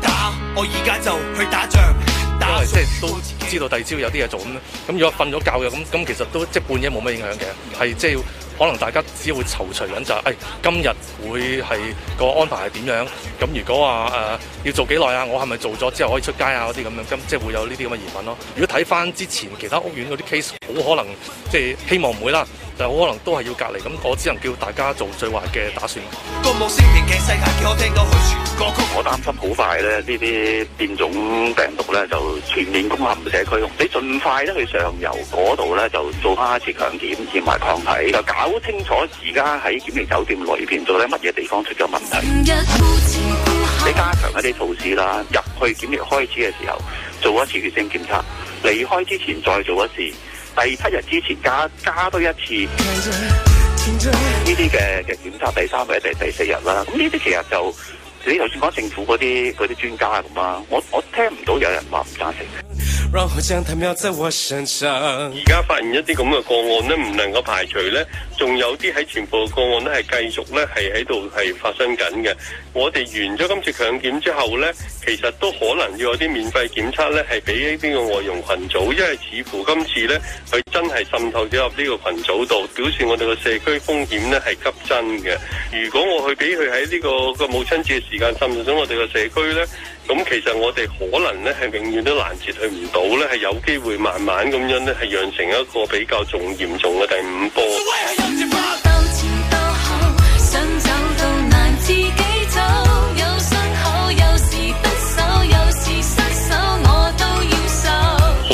Speaker 2: 我而家就去打仗，因為即係都知道第二朝有啲嘢做咁，咁如果瞓咗覺嘅咁，咁其實都即係半夜冇咩影響嘅，係即係可能大家只會躊躇緊就係，誒今日會係個安排係點樣？咁如果話誒、呃、要做幾耐啊？我係咪做咗之後可以出街啊？嗰啲咁樣，咁即係會有呢啲咁嘅疑問咯。如果睇翻之前其他屋苑嗰啲 case，好可能即係希望唔會啦。但可能都係要隔離，咁我只能叫大家做最壞嘅打算。冇
Speaker 5: 嘅世界叫我去，我到全曲，
Speaker 2: 我擔心好快咧，呢啲變種病毒咧就全面攻陷社區。你盡快咧去上游嗰度咧就做翻一次強
Speaker 1: 檢，驗埋抗體，就搞清楚而家喺檢疫酒店裏邊到底乜嘢地方出咗問題。你加強一啲措施啦，入去檢疫開始嘅時候做一次血清檢測，離開之前再做一次。第七日之前加加多一次呢啲嘅嘅檢測，第三日定第四日啦。咁呢啲其實就～你頭先講政府嗰啲嗰啲專家咁啊，我我聽唔到有人
Speaker 6: 話
Speaker 5: 唔贊成。而家發現一啲咁嘅個案
Speaker 2: 咧，唔能夠排除咧，仲有啲喺全部的個案咧係繼續咧係喺度係發生緊嘅。我哋完咗今次強檢之後咧，其實都可能要有啲免費檢測咧，係俾呢個外傭群組，因為似乎今次咧佢真係滲透咗入呢個群組度，表示我哋個社區風險咧係急增嘅。如果我去俾佢喺呢個個母親節時間侵入咗我哋嘅社區咧，咁其實我哋可能咧係永遠都攔截佢唔到咧，係有機會慢慢咁樣咧係釀成一個比較仲嚴重嘅第五波。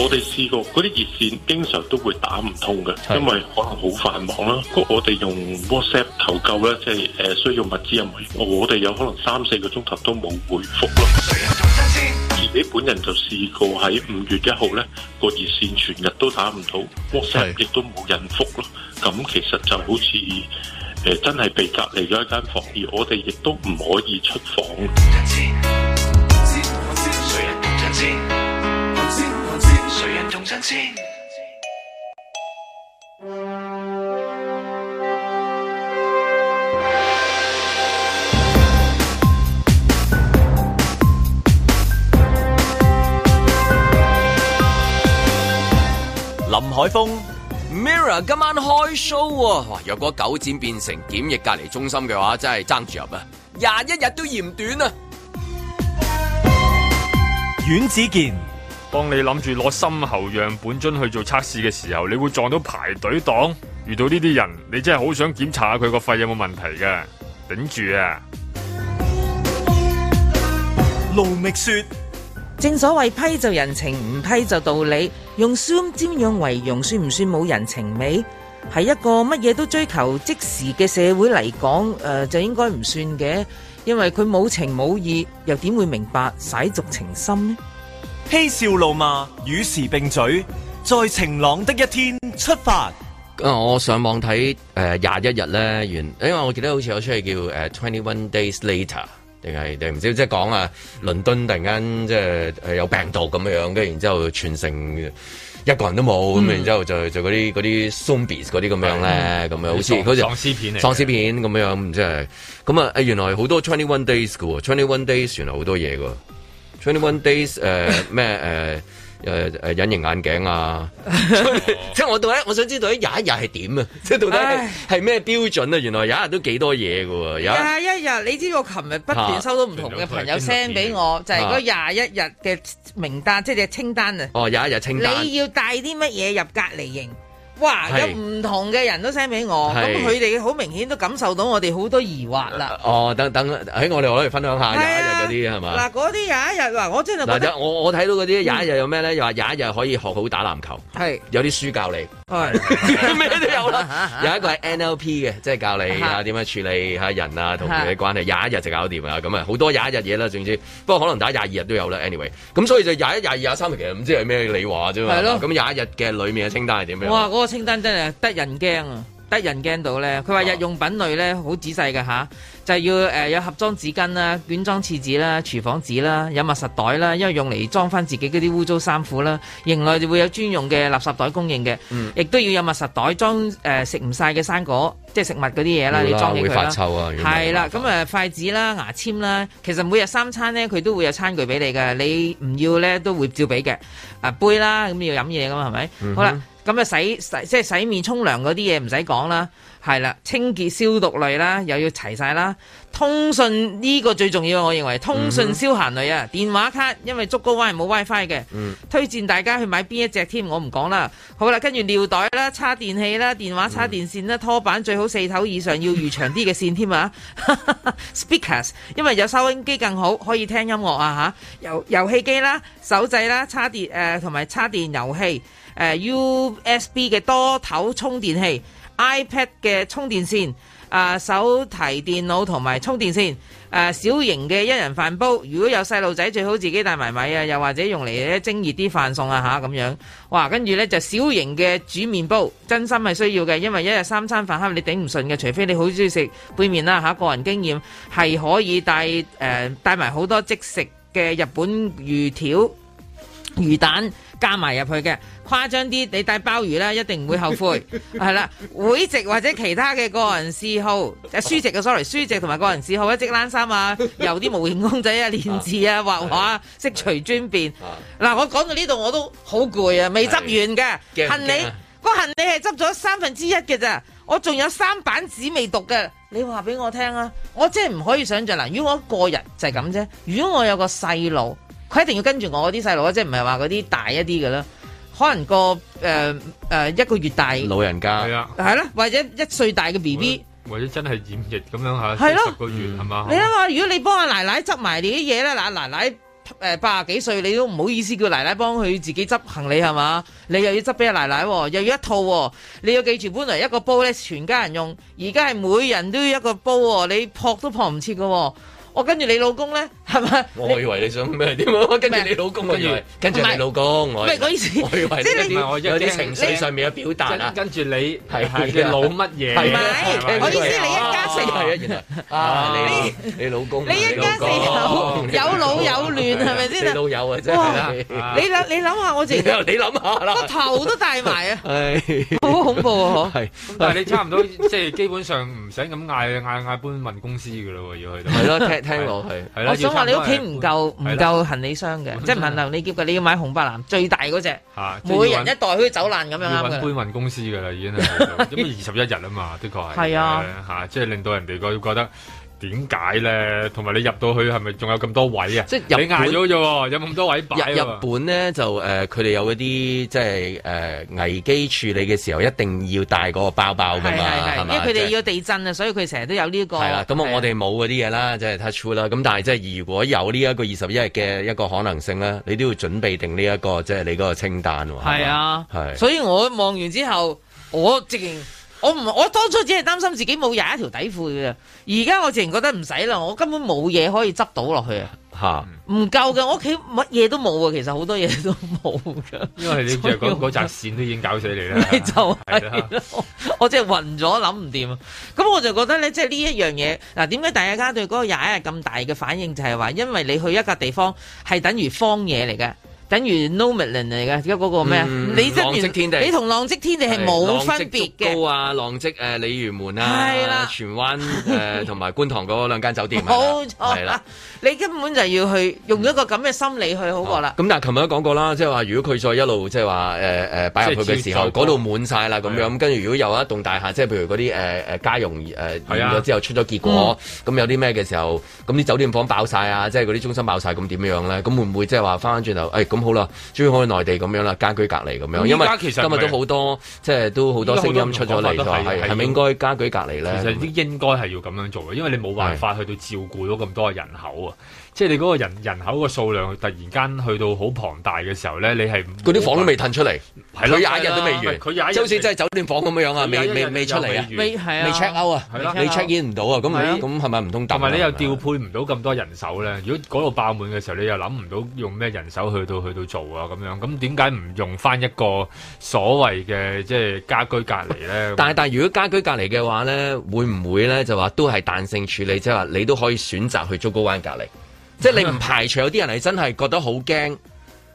Speaker 2: 我哋試過嗰啲熱線經常都會打唔通嘅，的因為可能好繁忙啦。我哋用 WhatsApp 求救咧，即係誒需要物資，因為我哋有可能三四個鐘頭都冇回覆咯。而你本人就試過喺五月一號咧，個熱線全日都打唔到的 WhatsApp，亦都冇人覆咯。咁其實就好似、呃、真係被隔離咗一間房，而我哋亦都唔可以出房。
Speaker 5: 誰人
Speaker 1: 先林海峰 Mirror 今晚開 show 哇！若果九展變成檢疫隔離中心嘅話，真係爭住入啊！廿一日都嫌短啊！
Speaker 2: 阮子健。當你諗住攞深喉樣本樽去做測試嘅時候，你會撞到排隊黨，遇到呢啲人，你真係好想檢查下佢個肺有冇問題嘅。頂住啊！
Speaker 3: 盧覓雪：正所謂批就人情，唔批就道理。用「酸尖樣為容」算唔算冇人情味？係一個乜嘢都追求即時嘅社會嚟講，誒、呃、就應該唔算嘅，因為佢冇情冇義，又點會明白洗俗情深呢？嬉
Speaker 1: 笑怒罵與時並舉，在晴朗的一天出發，呃。我上網睇誒廿一日咧，原因為我記得好似有出戲叫《誒 Twenty One Days Later》，定係定唔知，即係講啊倫敦突然間即係有病毒咁樣樣，跟住然之後全城一個人都冇咁，嗯、然之後就就嗰啲嗰啲 Zombies 嗰啲咁樣咧，咁樣好似好似喪屍片喪屍片咁樣即係咁啊原來好多 Twenty One Days 嘅，Twenty One Days 原來好多嘢嘅。Twenty-one days，誒咩誒誒誒隱形眼鏡啊！ 即我到底我想知道咧廿一日係點啊？即到底係咩標準啊？唉 原來廿一日都幾多嘢㗎喎！廿
Speaker 3: 一日，你知道我琴日不斷收到唔同嘅朋友 send 俾我，就係嗰廿一日嘅名單，啊、即係嘅清單啊！哦，廿
Speaker 1: 一日清單，你
Speaker 3: 要帶啲乜嘢入隔離營？哇！有唔同嘅人都 send 俾我，咁佢哋好明顯都感受到我哋好多疑惑啦。
Speaker 1: 哦，等等喺我哋可以分享下廿一日嗰啲啊嘛。嗱
Speaker 3: 嗰啲廿一日嗱，我真係嗱，我
Speaker 1: 我睇到嗰啲廿一日有咩咧？又話廿一日可以學好打籃球，係有啲書教你，
Speaker 4: 咩都有啦。有
Speaker 1: 一個係 NLP 嘅，即係教你啊點樣處理下人啊同人嘅關係，廿一日就搞掂啊！咁啊好多廿一日嘢啦，總之不過可能打廿二日都有啦。anyway，咁所以就廿一、廿二、廿三其實唔知係咩你話啫嘛。咁廿一日嘅裏面嘅清單係點樣？哇！
Speaker 3: 清單真係得人驚啊！得人驚到咧，佢話日用品類咧好、啊、仔細㗎吓、啊，就係、是、要、呃、有盒裝紙巾啦、卷裝廁紙啦、廚房紙啦、有物實袋啦，因為用嚟裝翻自己嗰啲污糟衫褲啦。營內就會有專用嘅垃圾袋供應嘅，亦、嗯、都要有物實袋裝、呃、食唔晒嘅生果，即係食物嗰啲嘢啦，會啦你裝起佢會發臭啊！係啦的，咁誒、呃、筷子啦、牙籤啦，其實每日三餐咧佢都會有餐具俾你嘅，你唔要咧都會照俾嘅。啊、呃、杯啦，咁要飲嘢㗎嘛，係咪？嗯、哼好啦。咁啊，洗洗即係洗面洗、沖涼嗰啲嘢唔使講啦，係啦，清潔消毒類啦，又要齊晒啦。通訊呢、呢個最重要我認為通訊消閒類啊，嗯、哼電話卡，因為竹篙灣係冇 WiFi 嘅，嗯、推薦大家去買邊一隻添，我唔講啦。好啦，跟住尿袋啦、叉電器啦、電話叉電線啦、拖板最好四頭以上，要預長啲嘅線添啊。 Speakers，因為有收音機更好，可以聽音樂啊嚇。遊、啊、遊戲機啦、手掣啦、叉電誒同埋叉電遊戲。Uh, USB 嘅多頭充電器、iPad 嘅充電線、啊、uh, 手提電腦同埋充電線、誒、uh, 小型嘅一人飯煲。如果有細路仔，最好自己帶埋米啊，又或者用嚟蒸熱啲飯餸啊嚇咁樣。哇，跟住呢就小型嘅煮麵煲，真心係需要嘅，因為一日三餐飯盒你頂唔順嘅，除非你好中意食杯麵啦嚇。個人經驗係可以帶誒、呃、帶埋好多即食嘅日本魚條、魚蛋。加埋入去嘅，誇張啲，你帶鮑魚啦，一定唔會後悔，係啦。 會籍或者其他嘅個人嗜好， 書籍嘅 sorry 書籍同埋個人嗜好，一直冷衫啊，由啲模型公仔啊，練字啊，畫畫、啊， 悉隨尊便。嗱， 我講到呢度我都好攰啊，未執完嘅，是行李，怕行李、個行李係執咗三分之一嘅咋，我仲有三版紙未讀嘅，你話俾我聽啊，我真係唔可以想象，啦，如果我個人就係咁啫，如果我有個細路。佢一定要跟住我啲細路啊，即係唔係話嗰啲大一啲嘅啦。可能個誒誒、呃呃、一個月大老人家係啊，係啦、啊，或者一歲大嘅 B B，
Speaker 2: 或者真係染疫咁樣吓，成十、啊、個月係嘛？你諗
Speaker 3: 下，如果你幫阿奶奶執埋你啲嘢咧，嗱奶奶誒八十幾歲，你都唔好意思叫奶奶幫佢自己執行李係嘛？你又要執俾阿奶奶，又要一套，你要記住本來一個煲咧全家人用，而家係每人都要一個煲，你撲都撲唔切喎。我跟住你老公咧，係咪？
Speaker 1: 我以為你想咩點樣？跟住你老公，跟住跟住你老公，唔係我意思。我以為即係有啲情緒上
Speaker 2: 面嘅表達啦。跟住你係係老
Speaker 5: 乜嘢？係咪？我意思
Speaker 4: 你一家四口係啊，原來啊，你
Speaker 5: 你老公，你一家四口有老有嫩，係咪先？有老有啊，真係啊！
Speaker 3: 你諗你諗下我自己，你諗下啦，個頭都大埋啊！
Speaker 2: 好 恐怖啊！ 但係你差唔多即係 基本上唔使咁嗌嗌嗌搬運公司噶啦，要去到係咯，聽聽 我想話你屋企唔
Speaker 3: 夠唔夠行李箱嘅， 即係問夠你李篋嘅，你要買紅白藍最大嗰隻， 要每人一袋可以走爛咁樣啱搬
Speaker 2: 運公司噶啦，已經係都二十一日啦嘛，的確係係啊，吓即係令到人哋覺覺得。點解咧？同埋你入到去係咪仲有咁多位啊？有有、呃？即係日本有咁多位擺啊！日本咧
Speaker 1: 就誒，佢哋有嗰啲即係誒危機處理嘅時候一定要帶嗰個包包㗎嘛，係嘛？因為佢哋
Speaker 3: 要地震啊，所以佢成日都有呢一個。係啦，
Speaker 1: 咁我哋冇嗰啲嘢啦，即係 touch wood 啦。咁但係即係如果有呢一個二十一日嘅一個可能性咧，你都要準備定呢一個即係你嗰個清單。係啊，係。所以
Speaker 3: 我望完之後，我即係。我唔，我當初只係擔心自己冇廿一條底褲咋，而家我自然覺得唔使啦，我根本冇嘢可以執到落去啊。吓，唔夠嘅，我屋企乜嘢都冇啊，其實好多嘢都冇噶，
Speaker 2: 因為你就嗰嗰紮線都已經搞死你啦。你就係、
Speaker 3: 啊、我真係暈咗，諗唔掂啊，咁我就覺得咧，即係呢一樣嘢，嗱，點解大家對嗰個廿一日咁大嘅反應就係話，因為你去一個地方係等於荒野嚟嘅。等於 Nominal 嚟嘅，而家嗰個咩啊？你側邊，你同浪跡天地係冇分別嘅。
Speaker 1: 啊，浪跡誒，鯉魚門啊，係啦，荃灣誒同埋觀塘嗰兩間酒店。冇錯，啦，
Speaker 3: 你根本就要去用一個咁嘅心理去好過啦。
Speaker 1: 咁但係琴日都講過啦，即係話如果佢再一路即係話誒誒擺入去嘅時候，嗰度滿晒啦咁樣，跟住如果有一棟大廈，即係譬如嗰啲誒誒家用誒完咗之後出咗結果，咁有啲咩嘅時候，咁啲酒店房爆晒啊，即係嗰啲中心爆晒，咁點樣咧？咁會唔會即係話翻返轉頭誒好啦，終於可以內地咁樣啦，家居隔離咁樣，因為今日都好
Speaker 2: 多，即係
Speaker 1: 都好多聲音出咗嚟，就係係咪應該家
Speaker 2: 居隔離咧？其實都應該係要咁樣做嘅，因為你冇辦法去到照顧到咁多嘅人口啊。即係你嗰個人人口個數量突然間去到好龐大嘅時候咧，你係嗰啲房都未褪出嚟，佢
Speaker 1: 廿日都未完，佢廿日即係好似
Speaker 2: 真係酒店房咁樣樣
Speaker 6: 啊，未未未出嚟，啊，未 check out 啊，你 check in
Speaker 1: 唔到啊，咁
Speaker 2: 咁係咪唔通等？同埋你又調配唔到咁多人手咧？如果嗰度爆滿嘅時候，你又諗唔到用咩人手去到去到做啊？咁樣咁點解唔用翻一個所謂嘅即係家居隔離咧？但係但係如果家居隔離嘅話咧，會唔會咧就話都係彈性處理？即係話你都可以選
Speaker 1: 擇去竹篙灣隔離。即係你唔排除有啲人係真係覺得好驚，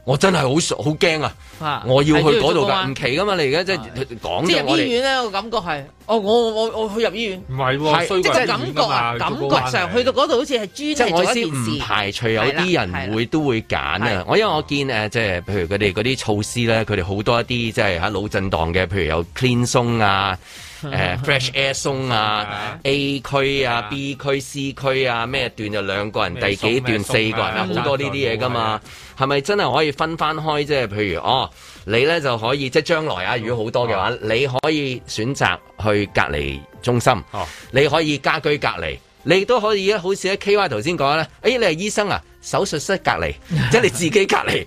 Speaker 1: 我真係好好好驚啊！我要去嗰度噶，唔奇噶嘛？你而家即係講，即係入醫院
Speaker 3: 咧，我感覺係，我我我我去入醫院唔係，即係感覺感覺上，去到嗰度好似係專程做一件事。即係我先唔
Speaker 1: 排除有啲人會都會揀啊！我因為我見誒，即係譬如佢哋嗰啲措施咧，佢哋好多一啲即係吓腦震盪嘅，譬如有寬鬆啊。誒 fresh air zone 啊，A 區啊，B 區、C 區啊，咩段就兩個人，第幾段四個人，啊，好多呢啲嘢噶嘛，係咪真係可以分翻開？即係譬如哦，你咧就可以即係將來啊，如果好多嘅話，你可以選擇去隔離中心，你可以家居隔離。你都可以好似喺 K Y 頭先講咧，誒、哎、你係醫生啊，手術室隔離，即係你自己隔離，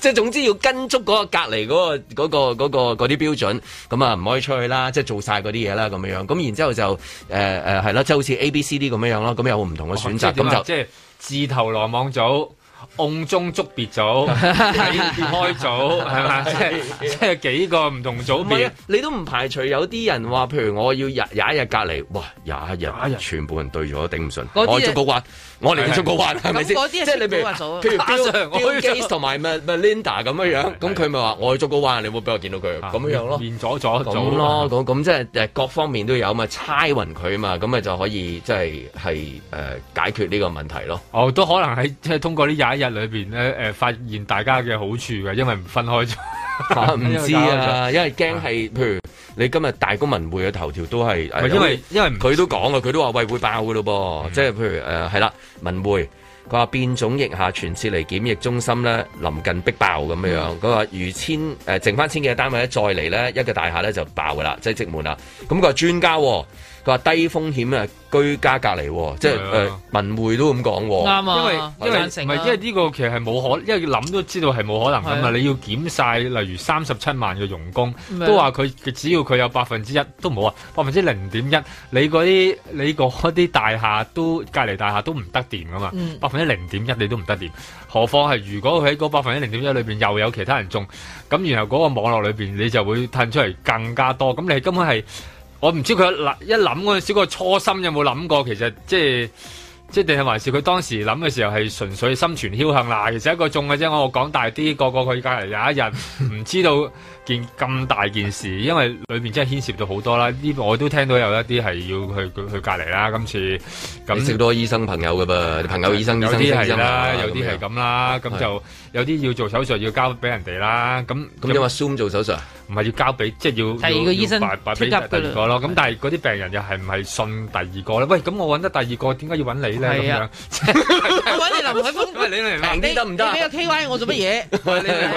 Speaker 1: 即係 總之要跟足嗰個隔離嗰、嗰個嗰啲、嗰個、標準，咁啊唔可以出去啦，即係做晒嗰啲嘢啦咁樣樣，咁然之後就誒誒係啦，就好似 A B C D 咁樣樣咯，咁有唔
Speaker 2: 同嘅選擇，咁就即係自投羅網組。甕中捉別組，別 開組，係嘛？ 即係即係幾個唔同組別， 你都唔排除有
Speaker 1: 啲人話，譬如我要廿廿一日隔離，哇，廿一日全部人對咗，都頂唔順，我仲講話我嚟做個話，係咪先？即係你譬如，譬如 Bill Gates 同埋咪咪 Linda 咁樣樣，咁佢咪話我去做個話，你會俾我見到佢咁樣
Speaker 2: 樣咯。
Speaker 1: 咁咁咁即係誒各方面都有嘛，猜勻佢嘛，咁咪就可以即係係誒解決呢個問題咯。
Speaker 2: 哦，都可能喺即係通過呢廿一日裏面咧誒，發現大家嘅好處嘅，因為唔分開咗。唔知啊，因為驚係譬如。你今日
Speaker 1: 大公文匯嘅頭條都係，因為、哎、因為佢都講啊，佢都話喂會爆嘅咯噃，嗯、即係譬如誒係啦，文匯佢話變種疫下傳設嚟檢疫中心咧，臨近逼爆咁樣樣，佢話餘千誒、呃、剩翻千幾個單位咧，再嚟咧一個大廈咧就爆嘅啦，即係積滿啦，咁佢話專家、哦。佢話低風險啊，居家隔離喎，是的 即係、呃、
Speaker 2: 文匯都咁講喎，啱啊因，因為是的 因為唔係因為呢個其實係冇可，因為諗都知道係冇可能噶嘛，是的 你要減晒，例如三十七萬嘅傭工，是的 都話佢只要佢有百分之一都冇啊，百分之零點一，你嗰啲你嗰啲大廈都隔離大廈都唔得掂噶嘛，百分之零點一你都唔得掂。何況係如果佢喺嗰百分之零點一裏邊又有其他人中，咁然後嗰個網絡裏面，你就會褪出嚟更加多，咁你根本係。我唔知佢一諗嗰陣時個初心有冇諗過，其實即係即係定係還是佢當時諗嘅時候係純粹心存僥倖啦，其實一個中嘅啫。我講大啲，個個佢隔離有一日唔 知道。見咁大件事，因為裏面真係牽涉到好多啦。呢我都聽到有一啲係要去佢隔籬啦。今次咁識多醫生朋友噶噃朋友醫生有啲係啦，有啲係咁啦。咁就有啲要做手術要交俾人哋啦。咁咁即係話 Zoom 做手術，唔係要交俾即係要第二個醫生，即刻咯。咁但係嗰啲病人又係唔係信第二個咧？喂，咁我揾得第二個，點解要揾你咧？咁樣
Speaker 1: 我揾你林海峰平啲得唔得？你俾 KY 我做乜嘢？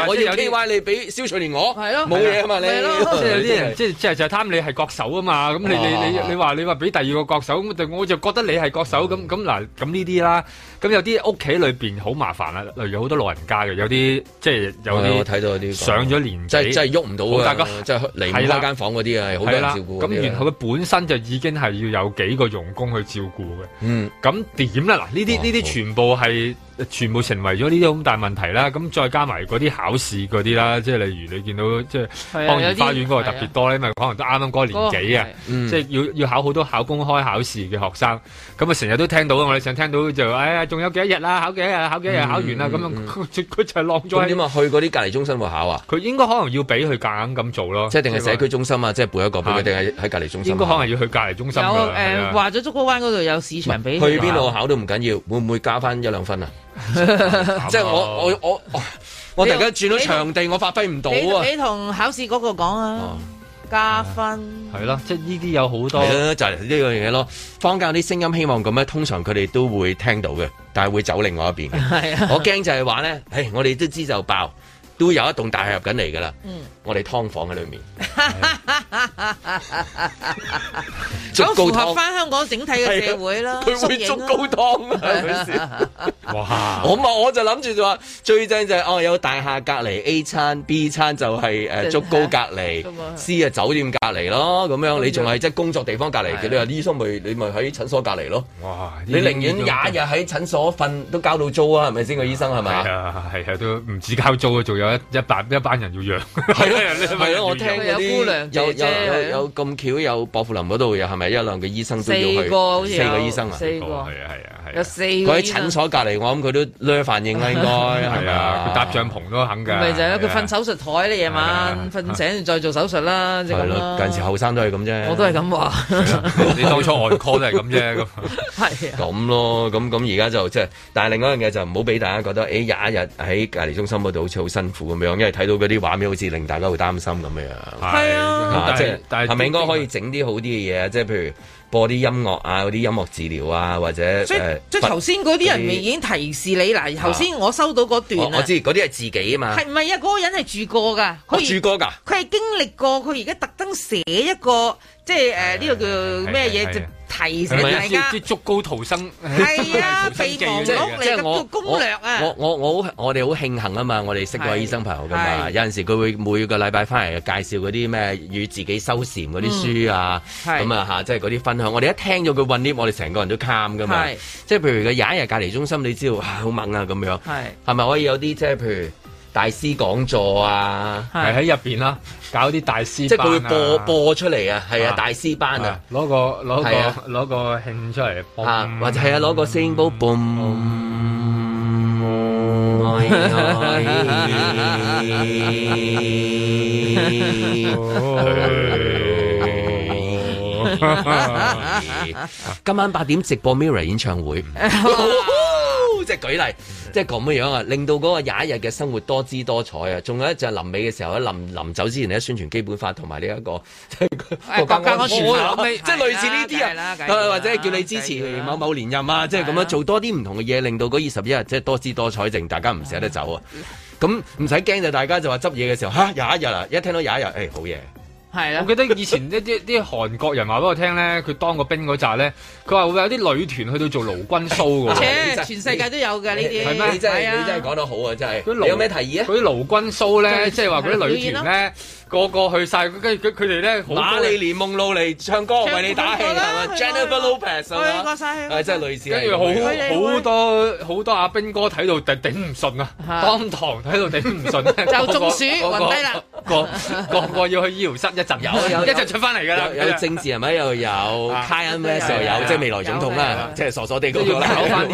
Speaker 1: 我要 KY 你俾肖卓年我。冇嘢啊嘛你，即係呢人，即係即係就貪、
Speaker 2: 是就是、你係角手啊嘛，咁你你你你話你話俾第二個角手，咁我就覺得你係角手，咁咁嗱，咁呢啲啦。咁有啲屋企裏面好麻煩啦，例如好多老人家嘅，有啲即係有啲上咗年紀，即係即係喐唔到家，即係離唔開間房嗰啲啊，好多照顧。咁然後佢本身就已經係要有幾個傭工去照顧嘅。咁點啦？嗱，呢啲呢啲全部係全部成為咗呢啲咁大問題啦。咁再加埋嗰啲考試嗰啲啦，即係例如你見到即係康怡花園嗰個特別多，因為可能都啱啱嗰個年紀啊，即係要要考好多考公開考試嘅學生，咁啊成日都聽到，我哋想聽到就仲有幾多日啦？考幾日？考幾日？考完啦咁、嗯嗯、樣，樣，佢佢就係落咗。咁點啊？去嗰啲隔離中心會考啊？佢應該可能要俾佢夾硬咁做咯。即係定係社區中心啊？即係背一個俾佢，定係喺隔離中心、啊？應該可能要去隔離中心。有誒，話
Speaker 3: 咗竹篙灣嗰度有市場俾。去邊度
Speaker 2: 考
Speaker 1: 都唔緊要，會唔會加返一兩分啊？即係 我我我我突然間轉到場地，我發揮唔到啊！你
Speaker 3: 同考試嗰個講啊。嗯加分
Speaker 2: 係咯、啊，即係呢啲有好多、啊、
Speaker 1: 就係呢樣嘢咯。坊間啲聲音希望咁咧，通常佢哋都會聽到嘅，但係會走另外一邊嘅是、啊哎。我驚就係話咧，誒，我哋都知道就爆，都有一棟大廈入緊嚟噶啦。嗯我哋湯房喺裏面，足 高塔符合翻
Speaker 3: 香港整體嘅社會啦。佢會捉高湯
Speaker 1: 啊！哇！我咪我就諗住就話最正就係哦，有大廈隔離 A 餐、B 餐就係誒足高隔離是，C 就酒店隔離咯。咁樣你仲係即係工作地方隔離是，你話醫生咪你咪喺診所隔離咯。哇！你，你寧願廿一日喺診所瞓都交到租啊？係咪先
Speaker 2: 個醫生係咪？係啊係啊，都唔止交租啊，仲有一一班一班人要養。
Speaker 4: 係咯，我聽有姑娘有有
Speaker 1: 咁巧有薄扶林嗰度嘅係咪一兩個醫生都要去？四個醫生
Speaker 4: 啊，四
Speaker 3: 個係啊係啊有四個。喺診所
Speaker 1: 隔離，我諗佢都累反應啦，應該係啊，搭帳篷都肯㗎。咪就係佢瞓手
Speaker 3: 術台咧，夜晚瞓醒再做手術啦，係咁咯。近時
Speaker 1: 後生都係咁啫，我都係咁話。你當初外科都係咁啫，咁係咁咯，咁咁而家就即係，但係另外一樣嘢就唔好俾大家覺得誒廿一日喺隔離中心嗰度好似好辛苦咁樣，因為睇到嗰啲畫面好似令大家。好擔心咁嘅樣，係啊，即係，係咪應該可以整啲好啲嘅嘢啊？即係譬如播啲音樂啊，嗰啲音樂治療啊，或者誒，即係頭先嗰啲人咪已經
Speaker 3: 提示你嗱？頭先我收到嗰段，我知
Speaker 1: 嗰啲係自己啊嘛，係
Speaker 3: 唔係啊？嗰個人係住過㗎，佢住過㗎，佢係經歷過，佢而家特登寫一個，即係誒呢個叫咩嘢？提醒大家，即
Speaker 2: 足高逃生係
Speaker 4: 啊！備
Speaker 1: 忘錄攻略啊！我我我好，我哋好慶幸啊嘛！我哋識個醫生朋友㗎嘛，有陣時佢會每個禮拜翻嚟介紹嗰啲咩與自己修禪嗰啲書啊，咁啊嚇，即係嗰啲分享。我哋一聽咗佢揾啲，我哋成個人都 calm 㗎嘛。即係譬如嘅廿一日隔離中心，你知道好猛啊咁樣，係咪可以有啲即係譬如？大師講座啊，係喺入邊啦，搞啲大師，即係佢會播播出嚟啊，
Speaker 2: 係啊，大師班啊，攞個攞個攞個興出嚟，啊或者係啊，攞
Speaker 1: 個聲煲 boom，今晚八點直播 Mirror 演唱會。即係舉例，即係咁樣啊，令到嗰個廿一日嘅生活多姿多彩啊！仲有一就係臨尾嘅時候咧，臨臨走之前咧，宣傳基本法同埋呢一個國家嘅傳統，即
Speaker 6: 係類似呢啲啊，
Speaker 1: 或者叫你支持某某某連任啊，即係咁樣做多啲唔同嘅嘢，令到嗰二十一日即係多姿多彩，剩大家唔捨得走啊！咁唔使
Speaker 2: 驚就大家就話執嘢嘅時候吓，廿一日啦，一聽到廿一日誒好嘢。欸 我記得以前一啲啲韓國人話俾我聽咧，佢當過兵嗰陣咧，佢話會有啲女團去到做勞軍 show 㗎喎。而且全
Speaker 3: 世界都有嘅呢啲，係咩？啊，你真係
Speaker 2: 講得好啊，真係。你有咩提議啊？啲勞軍呢、就是、呢 show 咧，即係話嗰啲女團咧。個個去晒，跟住佢哋咧，瑪麗蓮夢露嚟唱歌，為你打氣係嘛
Speaker 1: ？Jennifer Lopez
Speaker 2: 真係類似。跟住好好多好多阿兵哥睇到頂唔順啊，當堂睇到頂唔順啊，就中暑暈低啦，個個要去醫療室一陣有一陣出翻嚟㗎啦。有政治係咪？又有 Kanye 又有，即係未來總統啦，即係傻
Speaker 1: 傻地個個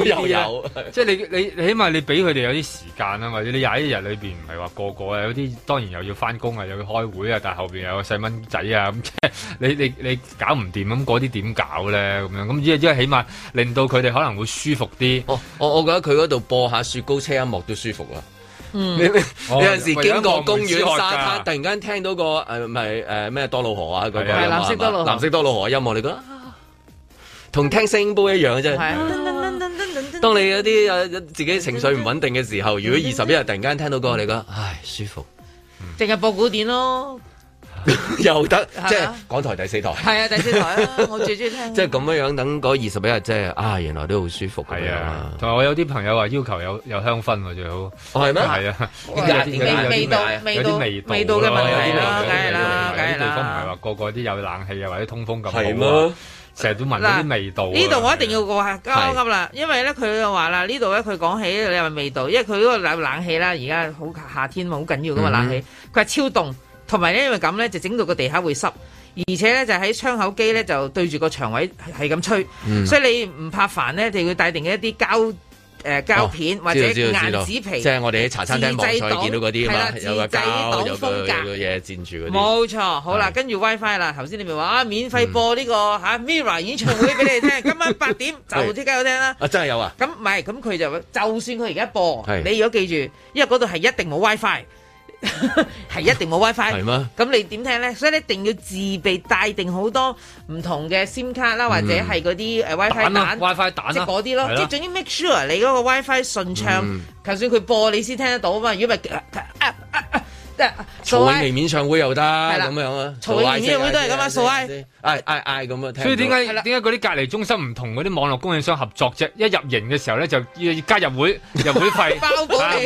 Speaker 1: 又有，
Speaker 2: 即係你你你起碼你俾佢哋有啲時間啊，或者你廿一日裏面唔係話個個有啲當然又要翻工啊，又要開，開會啊！但後邊有個細蚊仔啊，咁即係你你你搞唔掂咁，嗰啲點搞咧？咁樣咁，因為起碼令到佢哋可能會舒服啲。我、哦、我覺得佢嗰度播下雪糕車音樂都舒服啦。嗯、
Speaker 4: 你有陣時經過公園沙灘，嗯嗯哦、突然
Speaker 1: 間聽到個誒，咪誒咩多瑙河啊，嗰啲係藍色多瑙河，藍色多瑙河音樂，你覺得？同、啊、聽聲波一樣嘅啫。啊
Speaker 4: 啊、
Speaker 1: 當你有啲、啊、自己情緒唔穩定嘅時候，如果二十一日突然間聽到歌，嗯、你覺得，唉舒服。淨係播
Speaker 3: 古典咯，
Speaker 1: 又得即係、啊、港台第四台，係啊第四台啊， 我最
Speaker 4: 中
Speaker 3: 意
Speaker 1: 聽。即係咁樣樣，等嗰二十幾日，即係啊，原來都好舒服。係啊，
Speaker 2: 同埋我有啲朋友話要求有有香薰最好。我係咩？係啊，是是有啲麼味道，味道，味道，味道嘅問題、啊。係啦，係啦、啊，啲、啊、地方唔係話個個啲有冷氣啊，或者通風咁。係咩？成日都聞到啲味道。呢度、嗯、我一定
Speaker 3: 要過下交咁啦，是因為咧佢就話啦，呢度咧佢講起呢度又係味道，因為佢嗰個冷冷氣啦，而家好夏天嘛，好緊要咁嘛冷氣。佢係、嗯嗯、超凍，同埋咧因為咁咧就整到個地下會濕，而且咧就喺窗口機咧就對住個牆位係咁吹，嗯、所以你唔怕煩咧就要帶定一啲膠。誒膠片或者硬紙皮，即係我哋喺茶餐廳望菜見到嗰啲嘛，有個膠有個
Speaker 1: 嘢佔住嗰啲。冇
Speaker 3: 錯，好啦，跟住 WiFi 啦，頭先你咪話啊，免費播呢個 Mirror 演唱會俾你聽，今晚八點就即刻有聽啦。啊，
Speaker 1: 真係
Speaker 4: 有啊！
Speaker 3: 咁唔係，咁佢就就算佢而家播，你如果記住，因為嗰度係一定冇 WiFi。係 一定冇 WiFi，係咩？咁你點聽咧？所以你一定要自備帶定好多唔同嘅 SIM 卡啦，或者係嗰啲誒 WiFi 蛋、WiFi 蛋，即係嗰啲咯，即係的總之 make sure 你嗰個 WiFi 順暢，暢嗯、就算佢播你先聽得到啊嘛，如果咪。啊
Speaker 1: 即係曹穎微
Speaker 2: 演唱會又得，係啦咁樣啊，曹穎微演唱會都係咁啊，數
Speaker 1: I，嗌嗌嗌咁啊，所以點解
Speaker 2: 點解嗰啲隔離中心唔同嗰啲網絡供應商合作啫？一入營嘅時候咧就要加入會入會費，啊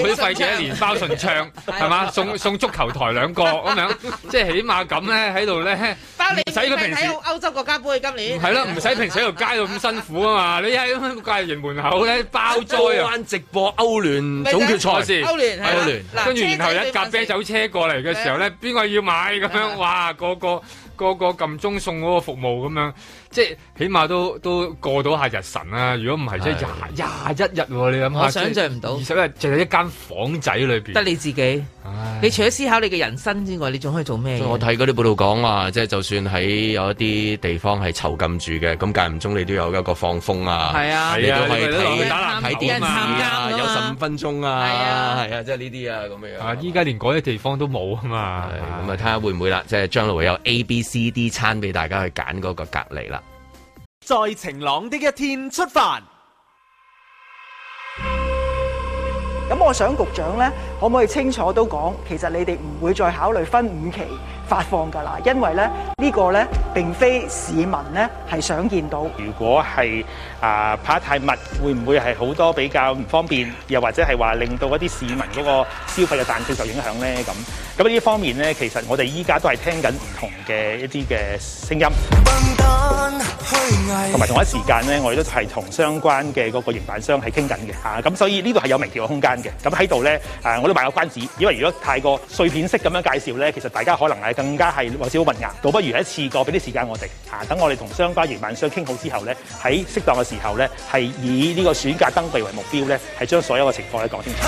Speaker 2: 會費一年包順唱係嘛，送送足球台兩個咁樣，即係起碼咁咧喺度咧。唔使佢平時睇
Speaker 3: 歐洲國家杯，今年係咯，唔
Speaker 2: 使平時喺度街到咁辛苦啊嘛！你喺咁個戒嚴門口咧，包災啊！直播歐聯總決賽先，歐聯係歐聯。跟住然後一架啤酒車過嚟嘅時候咧，邊個要買咁樣？哇！個個個個撳鐘送嗰個服務咁樣。即係起碼都都過到下日神啊！如果唔係即係廿廿一日，啊，的你諗下，我想像唔到。而且咧，就係、是、一間房仔裏邊，得你自己。
Speaker 3: 唉你除咗思考你嘅人生之外，你仲可以做咩？我
Speaker 1: 睇嗰啲報道講話，即係就算喺有一啲地方係囚禁住嘅，咁間唔中你都有一個放風啊。係啊，你都可以睇睇電視啊，有十五分鐘啊，係啊，係啊，即係呢啲啊咁樣啊。依家連嗰啲地方都冇啊嘛，咁啊睇下會唔會啦？即係將來會有 A、B、C、D 餐俾大家去揀嗰個隔離啦。
Speaker 2: 在晴朗的一天出發。咁我想局長呢，可唔可以清楚都
Speaker 1: 講，其實你哋唔會再考慮分五期發放㗎啦，因為呢，呢個呢，並
Speaker 2: 非市民呢係想見到。如果係。啊，拍得太密，會唔會係好多比較唔方便？又或者係話令到一啲市民嗰個消費嘅彈性受影響咧？咁咁喺呢方面咧，其實我哋依家都係聽緊唔同嘅一啲嘅聲音，
Speaker 5: 同埋、嗯嗯
Speaker 2: 嗯、同一時間咧，我哋都係同相關嘅嗰個營辦商係傾緊嘅嚇。咁、啊、所以呢度係有微調嘅空間嘅。咁喺度咧，誒、啊，我都賣個關子，因為如果太過碎片式咁樣介紹咧，其實大家可能係更加係或者好混淆。倒不如一次過俾啲時間我哋嚇、啊，等我哋同相關營辦商傾好之後咧，喺適當嘅。時候咧係以呢個選價登記為目標咧，係將所有嘅情況咧講清
Speaker 5: 楚。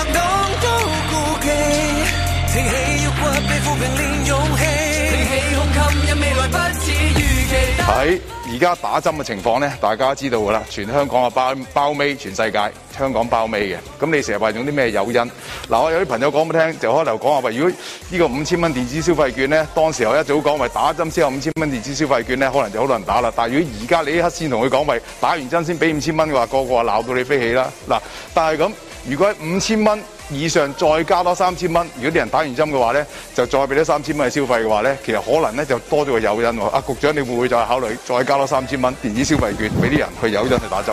Speaker 2: 喺而家打針嘅情況咧，大家知道㗎啦，全香港啊包包尾，全世界香港包尾嘅。咁你成日話用啲咩誘因？嗱、啊，我有啲朋友講俾聽，就可能講話，喂，如果呢個五千蚊電子消費券咧，當時我一早講話打針先有五千蚊電子消費券咧，可能就好多人打啦。但係如果而家你一刻先同佢講，咪打完針先俾五千蚊嘅話，個個話鬧到你飛起啦。嗱、啊，但係咁，如果係五千蚊。以上再加多三千蚊，如果啲人打完針嘅話咧，就再俾多三千蚊去消費嘅話咧，其實可能咧就多咗個誘因喎。啊，局長，你會唔會再考慮再加多三千蚊電子消費券俾啲人去誘因去打針？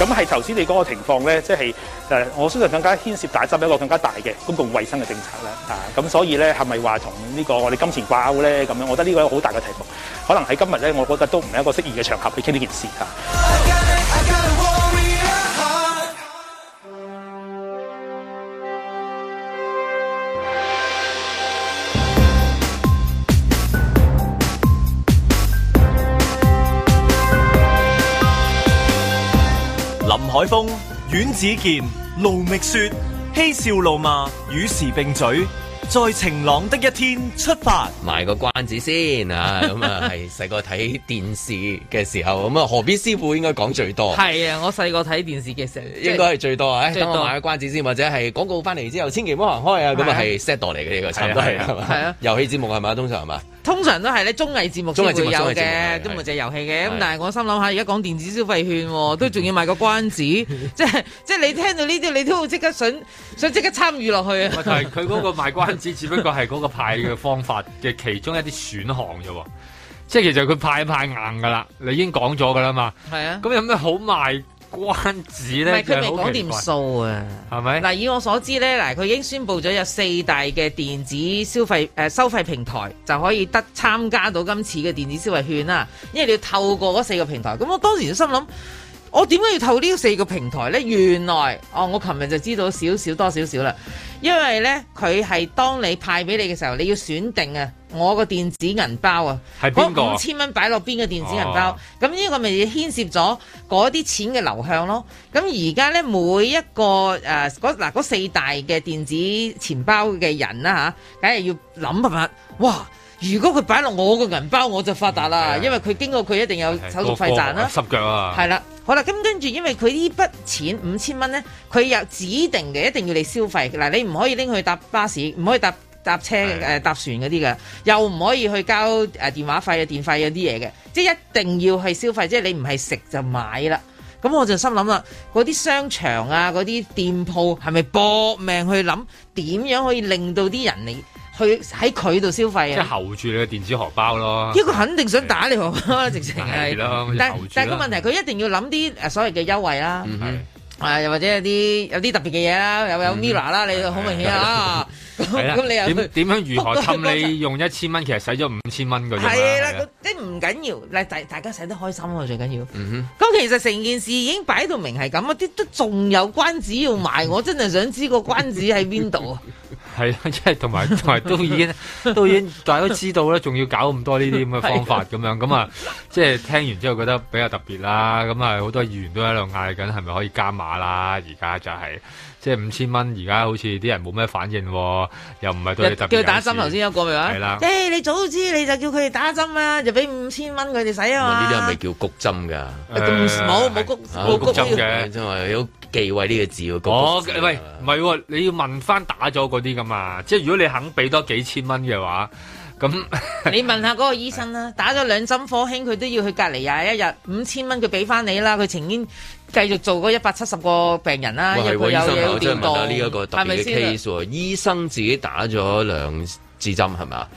Speaker 2: 咁係頭先你 𠮶 個情況咧，即係誒，我相信更加牽涉打針一個更加大嘅公共衛生嘅政策咧。啊，咁所以咧係咪話同呢個我哋金錢掛鈎咧咁樣，我覺得呢個好大嘅題目，可能喺今日咧，我覺得都唔係一個適宜嘅場合去傾呢件事嚇。啊啊啊啊啊
Speaker 1: 林海峰、阮子健、盧覓雪，嬉笑怒罵，與時並嘴。在晴朗的一天出發，賣個關子先啊！咁啊係細個睇電視嘅時候，咁啊何必師傅應該講最多？係啊，我
Speaker 3: 細個睇電視嘅時
Speaker 1: 候應該係最多啊！等我賣個關子先，或者係廣告翻嚟之後千祈唔好行開啊！咁啊係 set 度嚟嘅呢個差唔多係啊，遊戲節目係咪，通常係嘛。
Speaker 3: 通常都係咧，綜藝節目都會有嘅，都唔係隻遊戲嘅。咁但係我心諗下，而家講電子消費券，都仲要賣個
Speaker 2: 關子，
Speaker 3: 即係即係你聽到呢啲，你都會即刻想想即刻參與落去啊！咪係佢嗰
Speaker 2: 個賣關子，只不過係嗰個派嘅方法嘅其中一啲選項啫喎。即係其實佢派一派硬噶啦，你已經講咗噶啦嘛。係啊。的。咁有咩好賣？關子呢？佢未講掂數啊，係咪？嗱，以我所知呢，嗱，佢已經
Speaker 3: 宣布咗有四大嘅電子消費、呃、收費平台就可以得參加到今次嘅電子消費券啦，因為你要透過嗰四個平台。咁我當時就心諗。我點解要投呢個四個平台呢？原來哦，我琴日就知道少少多少少啦，因為呢，佢係當你派俾你嘅時候，你要選定啊，我個電子銀包啊，
Speaker 4: 攞誰五千
Speaker 3: 蚊擺落邊個電子銀包，咁呢、哦、個咪牽涉咗嗰啲錢嘅流向咯。咁而家呢，每一個誒嗰嗱嗰四大嘅電子錢包嘅人啦吓，梗、啊、係要諗下下，哇！如果佢擺落我個銀包，我就發達啦，嗯、因為佢經過佢一定有手續費賺啦。濕
Speaker 2: 腳啊！係啦，
Speaker 3: 好啦，咁跟住，因為佢呢筆錢五千蚊咧，佢有指定嘅，一定要嚟消費。嗱，你唔可以拎去搭巴士，唔可以搭搭車搭船嗰啲㗎，的又唔可以去交誒電話費啊、電費嗰啲嘢嘅，即係一定要係消費，即係你唔係食就買啦。咁我就心諗啦，嗰啲商場啊、嗰啲店鋪，係咪搏命去諗點樣可以令到啲人嚟？去喺佢度消費嘅，即係
Speaker 2: 候住你嘅電子荷包咯。因為佢
Speaker 3: 肯定想打你荷包咯，的直情係。但係但係個問題，佢一定要諗啲誒所謂嘅優惠啦。的嗯。又或者有啲有啲特別嘅嘢啦，又有 Mirror 啦，你好明顯啊！咁你又點點樣如何氹你
Speaker 2: 用一千蚊，其實使咗五千蚊嗰啲？係啦，
Speaker 3: 即唔緊要，大大家使得開心啊，
Speaker 2: 最緊要。
Speaker 3: 咁其實成件事已經擺到明係咁啊，啲都仲有關子要賣，我真係想知個關子喺邊度啊！
Speaker 2: 係啦，即係同埋同埋都已經都已經大家都知道啦，仲要搞咁多呢啲咁嘅方法咁樣咁啊，即係聽完之後覺得比較特別啦。咁啊，好多議員都喺度嗌緊，係咪可以加碼？啦，而家就係即係五千蚊，而家好似啲人冇咩反應，又唔係對你特叫打針頭先有個咪話係啦，
Speaker 3: 誒你早知你就叫佢哋打針啦，就俾五千蚊佢哋使啊。呢啲係
Speaker 2: 咪叫谷針噶？冇冇谷冇谷針嘅，
Speaker 1: 真係有忌諱呢個字。
Speaker 2: 哦喂，唔係你要問翻打咗嗰啲噶嘛？即係如果你肯俾多幾千蚊嘅話，咁你問下嗰個醫
Speaker 3: 生啦，打咗兩針科興，佢都要去隔離廿一日，五千蚊佢俾翻你啦，佢情願。繼續做嗰一百七十個病人啦，哇有冇有有啲多？係咪先？Case，是是
Speaker 1: 醫生自己打咗兩支針係咪啊？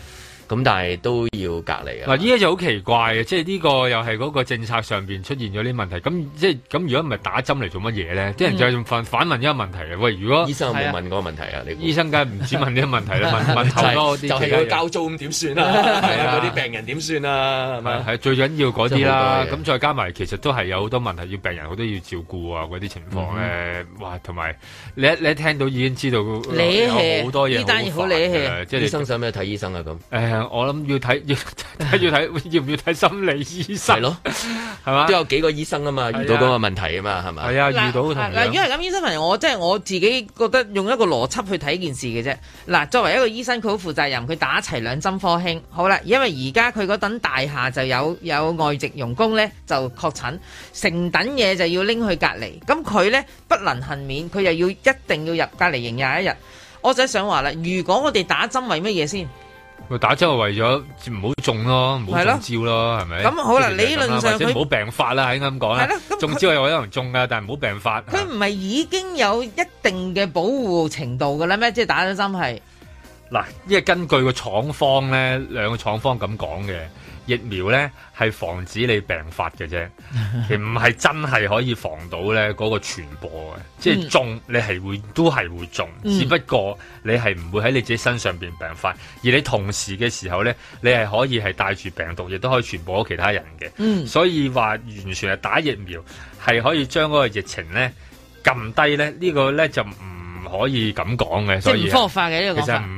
Speaker 1: 咁但係都要隔離
Speaker 2: 嘅。嗱，依家就好奇怪嘅，即係呢個又係嗰個政策上邊出現咗啲問題。咁即係咁，如果唔係打針嚟，做乜嘢咧？啲人就用反問一個問題嘅。喂，如果醫生有冇問嗰個問題啊？你醫生梗係唔止問呢個問題啦，問問頭多啲。就係要交租咁點算？啊？係啊，啲病人
Speaker 1: 點算啊？係
Speaker 2: 啊，最緊要嗰啲啦。咁再加埋，其實都係有好多問題要病人，好多要照顧啊，嗰啲情況咧。哇，同埋你你一聽到已經知道有好多嘢好難嘅。即係醫生想咩睇醫生啊？咁我諗要睇要睇要睇要唔要睇心理醫生係咯，係嘛的吧都有幾個醫生啊嘛，啊遇到嗰個問題
Speaker 1: 啊嘛，係咪？係啊，遇到嗱，如果係
Speaker 3: 咁醫生朋友，我即係我自己覺得用一個邏輯去睇件事嘅啫。嗱，作為一個醫生，佢好負責任，佢打齊兩針科興，好啦，因為而家佢嗰等大廈就有有外籍傭工咧，就確診成等嘢就要拎去隔離，咁佢咧不能倖免，佢又要一定要入隔離營廿一日。我就想話啦，如果我哋打針為乜嘢先？
Speaker 2: 打針係為咗唔好中咯，唔好中招咯，係咪的？咁好啦，理論上唔好病發啦，他 應該咁講啦。係咯，總之我有人中噶，但係唔好病發。佢
Speaker 3: 唔係已經有一定嘅保護程度嘅咧咩？即係打咗針係
Speaker 2: 嗱，因為根據廠個廠方咧，兩個廠方咁講嘅。疫苗咧，係防止你病發嘅啫， 其實唔係真係可以防到咧嗰個傳播嘅，即係中你係會都係會中，嗯、只不過你係唔會喺你自己身上邊病發，而你同時嘅時候咧，你係可以係帶住病毒，亦都可以傳播其他人嘅。嗯、所以話完全係打疫苗係可以將嗰個疫情咧撳低咧，這個、呢個咧就唔。可以咁講嘅，所以其實係唔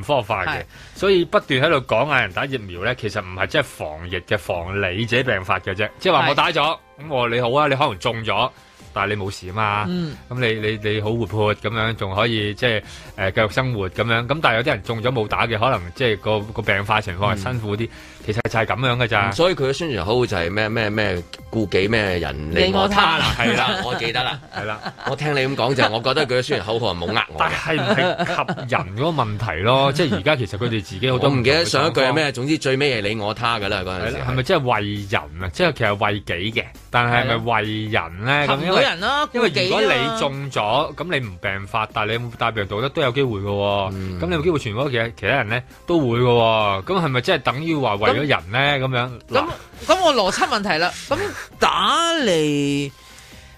Speaker 2: 科學化嘅，所以不斷喺度講啊，人打疫苗咧，其實唔係真係防疫嘅防你自己病發嘅啫，即係話我打咗，咁我話你好啊，你可能中咗，但係你冇事啊嘛，咁你你你好活潑咁樣，仲可以即係誒繼續生活咁樣，咁但係有啲人中咗冇打嘅，可能即係個個病發情況係辛苦啲。其實就係咁樣嘅咋，所以
Speaker 1: 佢嘅宣傳口號就係咩咩咩顧忌咩人，你我他，係啦，
Speaker 2: 我
Speaker 4: 記得啦，
Speaker 1: 係啦，我聽你咁講就係，我覺得佢嘅宣傳口號冇呃我。但係唔係及人嗰
Speaker 2: 個問題咯，即係而家其實佢哋自己我都唔記得上一句係咩，總之最尾係你我他㗎啦嗰陣係咪即係為人啊？即係其實為己嘅，但係係咪為人咧？為人咯，因
Speaker 5: 為如果你中
Speaker 2: 咗，咁你唔病發，但係你帶病毒咧都有機會嘅，咁你有機會傳嗰個其實其他人咧都會嘅，咁係咪即係等於話為？咁人咧咁樣，咁咁、嗯
Speaker 3: 嗯嗯、我邏輯問題啦。咁
Speaker 2: 打嚟，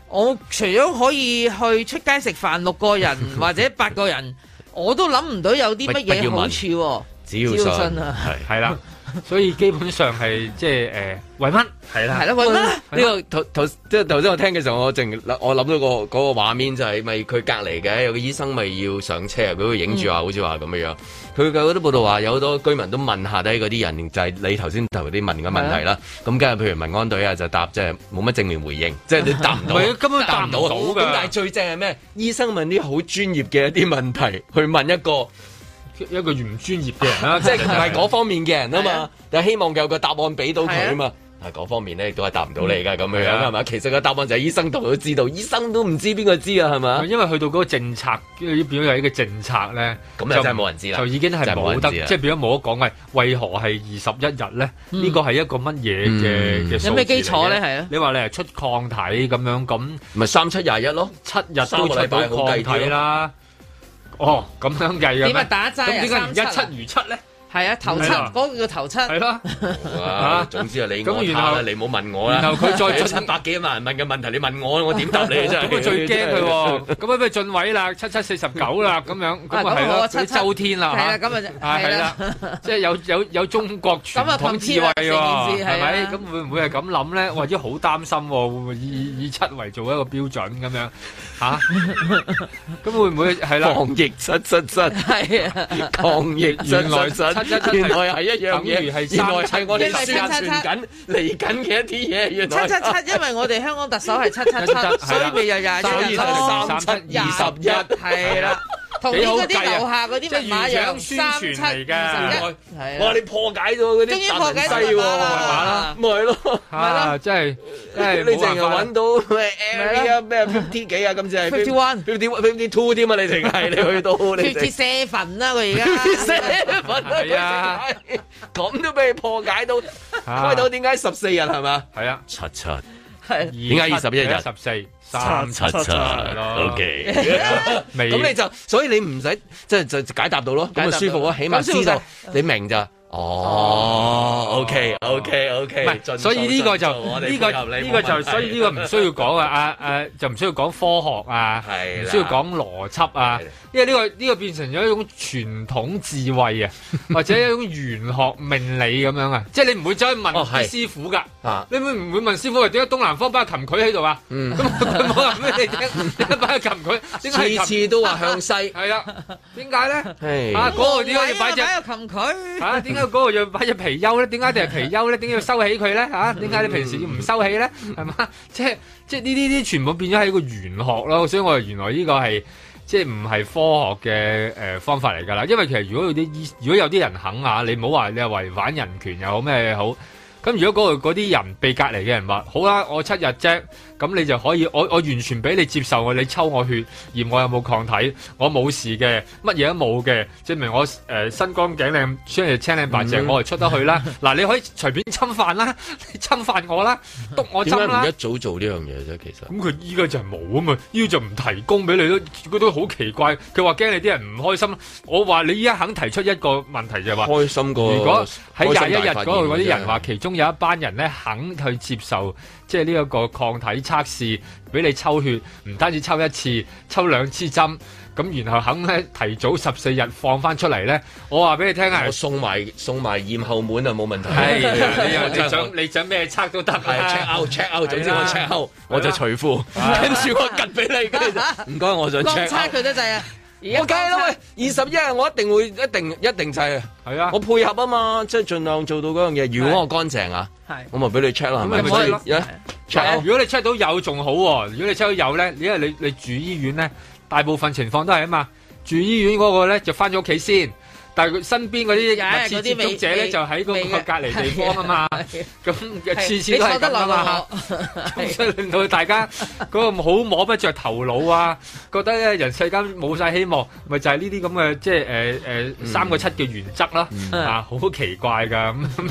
Speaker 3: 我除咗可以去出街食飯六個人或者八個人， 我都諗唔到有啲乜嘢好處、啊
Speaker 1: 必必。只
Speaker 2: 要信啊，係啦。是了 所以基本上係即係誒，揾啦，係啦，係啦，揾啦。呢、 這
Speaker 1: 個頭頭即係頭先我聽嘅時候，我淨我諗到、那個嗰個畫面就係，咪佢隔籬嘅有個醫生咪要上車，俾佢影住啊好似話咁樣樣。佢佢嗰啲報道話有好多居民都問下低嗰啲人，就係、是、你頭先頭啲問嘅問題啦。咁跟住譬如民安隊啊，就答即係冇乜正面回應，即、就、係、是、你答唔到。唔係根本答唔到噶。咁但係最正係咩？醫生問啲好專業嘅一啲問題，去問一個。
Speaker 2: 一個唔專業嘅人，
Speaker 1: 即係唔係嗰方面嘅人啊嘛？但係希望有個答案俾到佢啊嘛。但係嗰方面咧，亦都係答唔到你㗎咁樣，係咪啊？其實個答案就係醫生都知道，醫
Speaker 2: 生都唔知邊個知啊，係咪？因為去到嗰個政策，即變咗有一個政策咧，就冇人知啦，就已經係冇得，即係變咗冇得講。喂，為何係二十一日咧？呢個係一個乜嘢嘅嘅？有咩基礎咧？係啊？你話你係出抗體咁樣咁，咪三七廿一咯？七日都出到抗體啦。哦，咁樣計啊嘛，咁
Speaker 3: 點解一七如七咧？係啊，頭七嗰個叫頭七。係咯，
Speaker 2: 總之
Speaker 1: 啊，你我啦，你唔好問我啦。然後佢再出七百幾萬人問嘅問題，你問我，我點答你啊？真係。咁啊最驚佢喎，
Speaker 2: 咁啊咩進位啦，七七四十九啦，咁樣，咁啊係咯，睇周天啦，係啦，咁啊，係啦，即係有有有中國傳統智慧喎，係咪？咁會唔會係咁諗咧？或者好擔心喎？會唔會以以七為做一個標準咁樣？吓，咁 會唔會係啦？抗疫七七七，係啊，抗疫原來七七七，係一樣嘢，等於係七，係我哋計算緊嚟緊嘅一啲嘢。七七七，因
Speaker 3: 為我哋香港特首係七七七，
Speaker 2: 所以咪有廿一日咯，三七二十一，係啦。 同啲嗰啲樓下嗰啲咩樣？三七一，我話你破解咗嗰啲，終於破解到啦，咪係囉？咪係囉？真係真係冇辦法。你淨係揾到咩？Air 啊，咩
Speaker 1: ？Fifty 幾啊？今次係 Fifty One，Fifty One，Fifty Two 添啊！你淨係你去到你，Fifty 四份啦佢而家，四份係啊，咁都俾你破解到，開到點解十四日係咪？係啊，七七。點解二,二十一日十四三,三七七？O K，咁你就所以你唔使即係就解答到咯，咁咪舒服咯，起碼知道，知道你明就。嗯。哦，OK，OK，OK，
Speaker 2: 所以呢個就呢個呢個就，所以呢個唔需要講啊，阿誒就唔需要講科學啊，唔需要講邏輯啊，因為呢個呢個變成咗一種傳統智慧啊，或者一種玄學命理咁樣啊，即係你唔會走去問師傅噶，你唔會問師傅話點解東南方擺琴佢喺度啊？咁佢冇話俾你聽，點解擺個琴曲，次次都
Speaker 1: 話向西，係
Speaker 2: 啦點解咧？
Speaker 5: 啊嗰度
Speaker 2: 點解要擺隻琴曲？啊？嗰個又擺隻皮丘咧？點解定係皮丘咧？點解要收起佢咧？嚇、啊？點解你平時要唔收起咧？係嘛？即係即係呢啲啲全部變咗係一個玄學咯。所以我原來呢個係即係唔係科學嘅誒、呃、方法嚟㗎啦。因為其實如果有啲醫，如果有啲人肯嚇，你唔好話你係違反人權又好咩好。咁如果嗰啲人被隔離嘅人話，好啦，我七日啫。咁你就可以，我我完全俾你接受我，你抽我血，驗我有冇抗體，我冇事嘅，乜嘢都冇嘅，證明我誒、呃、身光頸靚，雖然青靚白淨，不用 我係出得去啦。嗱， 你可以隨便侵犯啦，你侵犯我啦，督我針啦。點解一早做呢樣嘢啫？其實咁佢依家就係冇啊嘛，依家就唔提供俾你都佢都好奇怪。佢話驚你啲人唔開心。我話你依家肯提出一個問題就係、是、話開心過。如果喺廿一日嗰度嗰啲人話，的其中有一班人咧肯去接受。即係呢一個抗體測試，俾你抽血，唔單止抽一次，抽兩支針，咁然後肯咧提早十四日放翻出嚟咧，我話俾你聽啊，我送埋送埋驗後門啊，冇問題你想你想咩測都得，check out check out，總之我 check out，我就除褲，跟住
Speaker 1: 我撳俾你㗎。唔該，我想 check。佢得滯啊！21, 我梗係啦，喂，二十一我一定會一定一定制，係是啊，我配合啊嘛，即係盡量做到嗰樣嘢。如果我乾淨啊，係，是啊、我
Speaker 2: 咪俾你 check 咯，咪咪 check check 如果你 check 到有仲好、啊，如果你 check 到有咧，因為你你,你住醫院咧，大部分情況都係啊嘛，住醫院嗰個咧就翻咗屋企先。但係佢身邊嗰啲、哎，次次都接觸者咧就喺個個隔離地方啊嘛，咁次次都係咁啊嘛，
Speaker 4: 所
Speaker 2: 以令到大家嗰個好摸不着頭腦啊， 覺得咧人世間冇晒希望，咪就係呢啲咁嘅即係誒誒三個七嘅原則啦、啊，嗯嗯、啊好奇怪噶，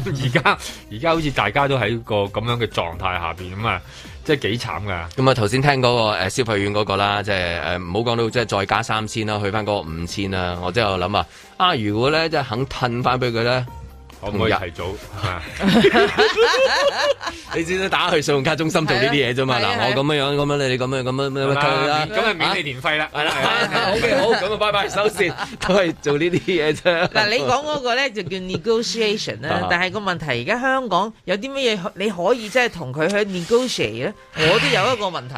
Speaker 2: 而家而家好似大家都喺個咁樣嘅狀態下邊咁啊。即係幾慘噶！
Speaker 1: 咁啊，頭先聽嗰個消費券嗰、那個啦，即係唔好講到即係再加三千啦，去翻嗰個五千啦。我即係我諗啊，啊如果咧即係肯褪翻俾佢咧。可唔
Speaker 4: 可以提
Speaker 1: 早，你知唔知打去信用卡中心做呢啲嘢啫嘛。嗱，我咁樣樣，咁樣你你咁樣咁樣咁樣啊
Speaker 2: 免你年費啦，係啦。好嘅，好，
Speaker 1: 咁啊，拜拜，收線，都係做呢啲嘢啫。嗱，你講嗰
Speaker 3: 個咧就叫 negotiation 啦，但係個問題而家香港有啲乜嘢你可以即係同佢去 negotiate 咧？我都有一個問題。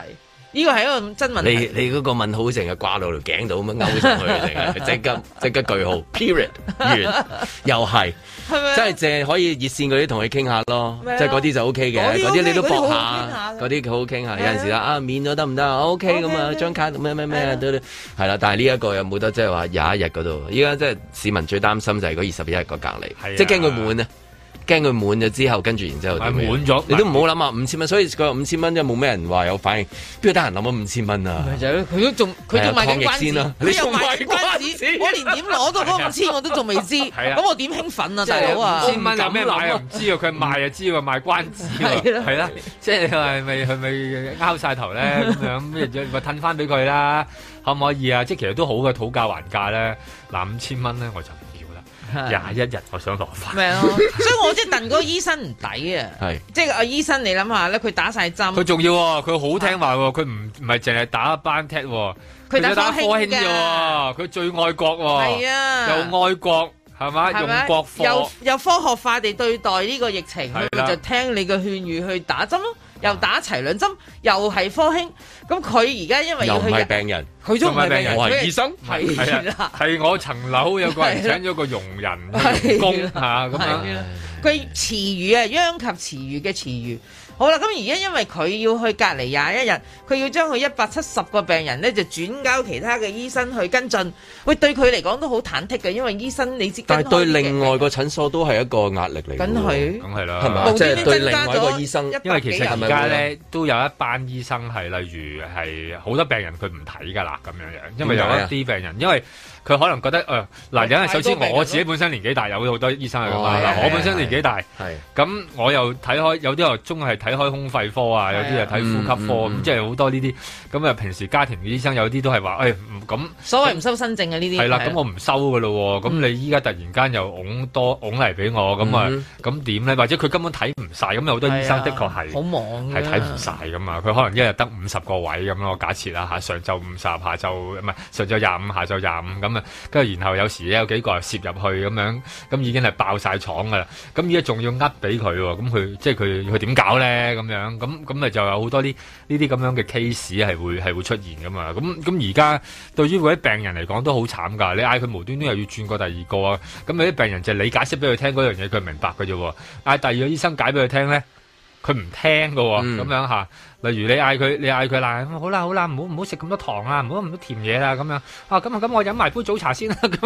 Speaker 3: 呢個係一個真問，你
Speaker 1: 你嗰個問號成日掛落條頸度咁樣勾上去，成日即刻即刻句號，Period 完又係，即係淨係可以熱線嗰啲同佢傾下咯，即係嗰啲就 OK 嘅，嗰啲你都搏下，嗰啲好好傾下。有陣時啦，啊免咗得唔得啊？OK 咁啊，張卡咩咩咩都係啦。但係呢一個有冇得即係話廿一日嗰度？依家即係市民最擔心就係嗰二十一日個隔離，即係驚佢滿啊。驚佢滿咗之後，跟住然之後點啊？滿咗，你都唔好諗啊！五千蚊，所以佢五千蚊，即冇咩人話有反應，邊個得閒諗咗五
Speaker 2: 千蚊啊？佢都仲佢仲賣緊關子先啦。你又賣關子，我連點攞到嗰五千我都仲未知。係啊，咁我
Speaker 3: 點興奮啊，大佬啊！五千蚊搞咩買啊？唔
Speaker 2: 知啊，佢賣啊知啊，賣關子係啦，係啦。即係咪咪佢咪拗晒頭咧咁樣咩？再咪褪翻俾佢啦？可唔可以啊？即係其實都好嘅，討價還價咧。嗱，五千蚊咧，我就。廿一日我想落飯，
Speaker 3: 咪係囉，所以，我即係戥嗰個醫生唔抵啊！即係阿醫生，你諗下咧，佢打晒針，佢仲
Speaker 2: 要佢好聽話，佢唔唔係淨係打一班踢，佢打科興嘅，佢最愛國，係啊 的，又愛國係嘛，是吧是吧用國科
Speaker 3: 又科學化地對待呢個疫情，的佢就聽你嘅勸喻去打針咯。又打齊兩針，又係科興。咁佢而家因為佢，佢都唔係病
Speaker 2: 人，佢係是醫生。係啦的，係我層樓有個請咗個傭人工嚇咁樣。
Speaker 3: 佢詞語啊，殃及詞語嘅詞語。好啦，咁而家因為佢要去隔離廿一日，佢要將佢一百七十個病人咧就轉交其他嘅醫生去跟進，喂，對佢嚟講都好忐忑嘅，因為醫生你知跟。但對
Speaker 1: 另外個診所都係一個壓力嚟嘅。梗係梗係啦，係嘛？即係對另外一個醫生，因為其實而家咧
Speaker 2: 都有一班醫生係，例如係好多病人佢唔睇噶啦，咁樣樣，因為有一啲病人因為。佢可能覺得誒嗱，呃、人首先我自己本身年紀大，有好多醫生係咁我本身年紀大，咁我又睇開，有啲又中係睇開胸肺科是啊，有啲又睇呼吸科咁，即係好多呢啲。咁誒，平時家庭醫生有啲都係話誒唔咁所謂唔
Speaker 3: 收新症嘅呢啲係啦，咁是、啊啊、我
Speaker 2: 唔收㗎咯喎。咁是、啊、你依家突然間又拱多拱嚟俾我，咁是啊咁點咧？或者佢根本睇唔晒，咁有好多醫生的確係
Speaker 5: 好忙，係睇唔
Speaker 2: 晒咁啊。佢、啊、可能一日得五十個位咁咯，假設啦嚇。上晝五十，下晝唔係上晝廿五，下晝廿五咁。咁啊，跟住然後有時咧有幾個啊攝入去咁樣，咁已經係爆晒廠噶啦。咁而家仲要呃俾佢喎，咁佢即係佢佢點搞咧？咁樣咁咁咪就有好多啲呢啲咁樣嘅 case 係會係會出現噶嘛。咁咁而家對於嗰啲病人嚟講都好慘噶。你嗌佢無端端又要轉過第二個啊，咁有啲病人就你解釋俾佢聽嗰樣嘢佢明白嘅啫，嗌第二個醫生解俾佢聽咧，佢唔聽噶喎，咁樣下。例如你嗌佢，你嗌佢嗱，好啦好啦，唔好唔好食咁多糖啊，唔好咁多甜嘢啦，咁樣啊，咁啊咁我飲埋杯早茶先啦，咁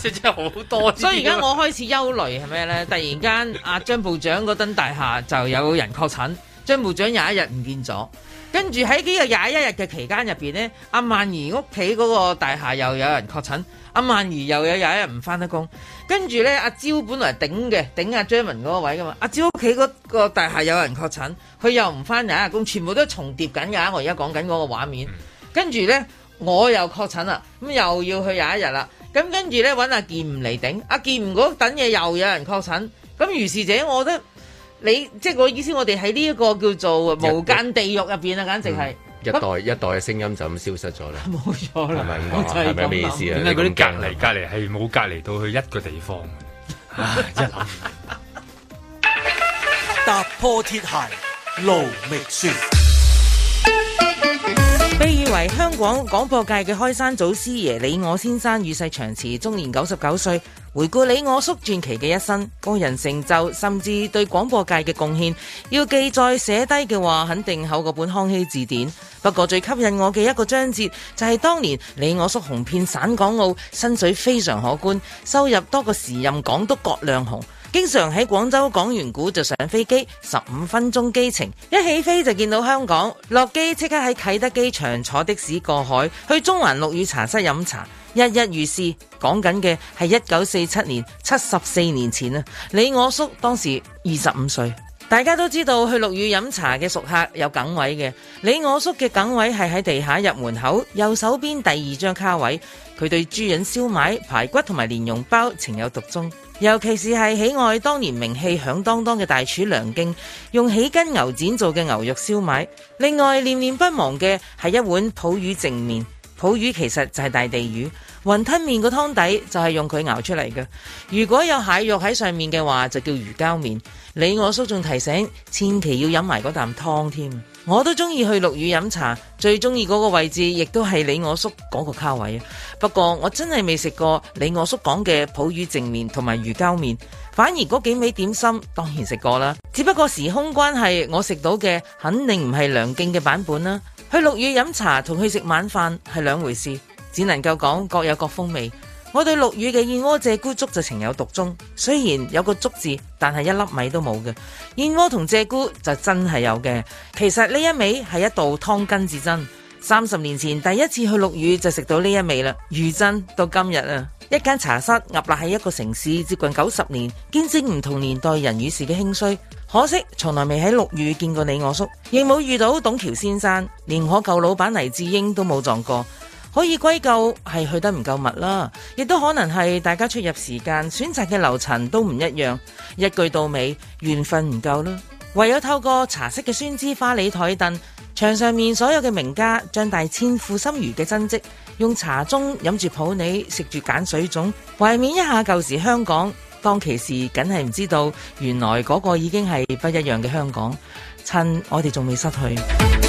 Speaker 2: 真係好多。 所以而家我
Speaker 3: 開始憂慮係咩咧？突然間阿、啊、張部長嗰棟大廈就有人確診，張部長廿一日唔見咗，跟住喺呢個廿一日嘅期間入面咧，阿、啊、萬儀屋企嗰個大廈又有人確診。阿曼儀又有有一日唔翻得工，跟住咧阿招本來頂嘅，頂阿 Jeremy 嗰個位噶嘛，阿招屋企嗰個大廈有人確診，佢又唔翻廿日工，全部都重疊緊噶。我而家講緊嗰個畫面，跟住咧我又確診啦，咁又要去廿一日啦，咁跟住咧搵阿健唔嚟頂，阿健唔嗰等嘢又有人確診，咁如是者，我覺得你即係我意思，我哋喺呢一個叫做無間地獄入邊啊，簡直係。嗯一代
Speaker 5: 麼一
Speaker 2: 代嘅聲
Speaker 1: 音就咁消失咗啦，冇錯啦，係咪，係咪？咩意思啊？點解嗰啲隔
Speaker 2: 離隔離係冇隔離到去一個地方？一諗
Speaker 1: 踏破鐵鞋路未算，
Speaker 3: 密被譽為香港廣播界嘅開山祖師爺李我先生，與世長辭，終年九十九歲。回顧李我叔傳奇嘅一生，個人成就甚至對廣播界嘅貢獻，要記載寫低嘅話，肯定厚過本《康熙字典》。不過最吸引我嘅一個章節，就係、是、當年李我叔紅遍省港澳，薪水非常可觀，收入多過時任港督葛量洪。經常喺廣州講完古就上飛機，十五分鐘機程，一起飛就見到香港。落機即刻喺啟德機場坐的士過海，去中環陸羽茶室飲茶，日日如是。講緊嘅係一九四七年，七十四年前啊！李我叔當時二十五歲，大家都知道去陸羽飲茶嘅熟客有梗位嘅。李我叔嘅梗位係喺地下入門口右手邊第二張卡位。佢對豬膶燒賣、排骨同埋蓮蓉包情有獨鍾。尤其是係喜愛當年名氣響當當嘅大廚梁敬用起筋牛展做嘅牛肉燒賣，另外念念不忘嘅係一碗普魚淨麵。普魚其實就係大地魚，雲吞麵個湯底就係用佢熬出嚟嘅。如果有蟹肉喺上面嘅話，就叫魚膠麵。李我叔仲提醒，千祈要飲埋嗰啖湯添。我都中意去陸羽飲茶，最中意嗰個位置，亦都係你我叔嗰個卡位啊。不過我真係未食過你我叔講嘅普洱淨麵同埋魚膠麵，反而嗰幾味點心當然食過啦。只不過時空關係，我吃，我食到嘅肯定唔係梁靜嘅版本啦。去陸羽飲茶同去食晚飯係兩回事，只能夠講各有各風味。我對陸羽嘅燕窩鷓鴣粥就情有獨鍾，雖然有個粥字，但係一粒米都冇嘅。燕窩同鷓鴣就真係有嘅。其實呢一味係一道湯羹至珍。三十年前第一次去陸羽就食到呢一味啦，余真到今日啊！一間茶室屹立喺一個城市接近九十年，見證唔同年代人與事嘅興衰。可惜從來未喺陸羽見過你我叔，亦冇遇到董橋先生，連我舊老闆黎智英都冇撞過。可以歸咎係去得唔夠密啦，亦都可能係大家出入時間、選擇嘅樓層都唔一樣。一句到尾，緣分唔夠啦。唯有透過茶色嘅酸枝花梨台凳，牆上面所有嘅名家張大千、溥心畬嘅珍蹟，用茶盅飲住普洱，食住鹼水粽，懷緬一下舊時香港。當其時，梗係唔知道原來嗰個已經係
Speaker 4: 不一樣嘅香港。趁我哋仲未失去。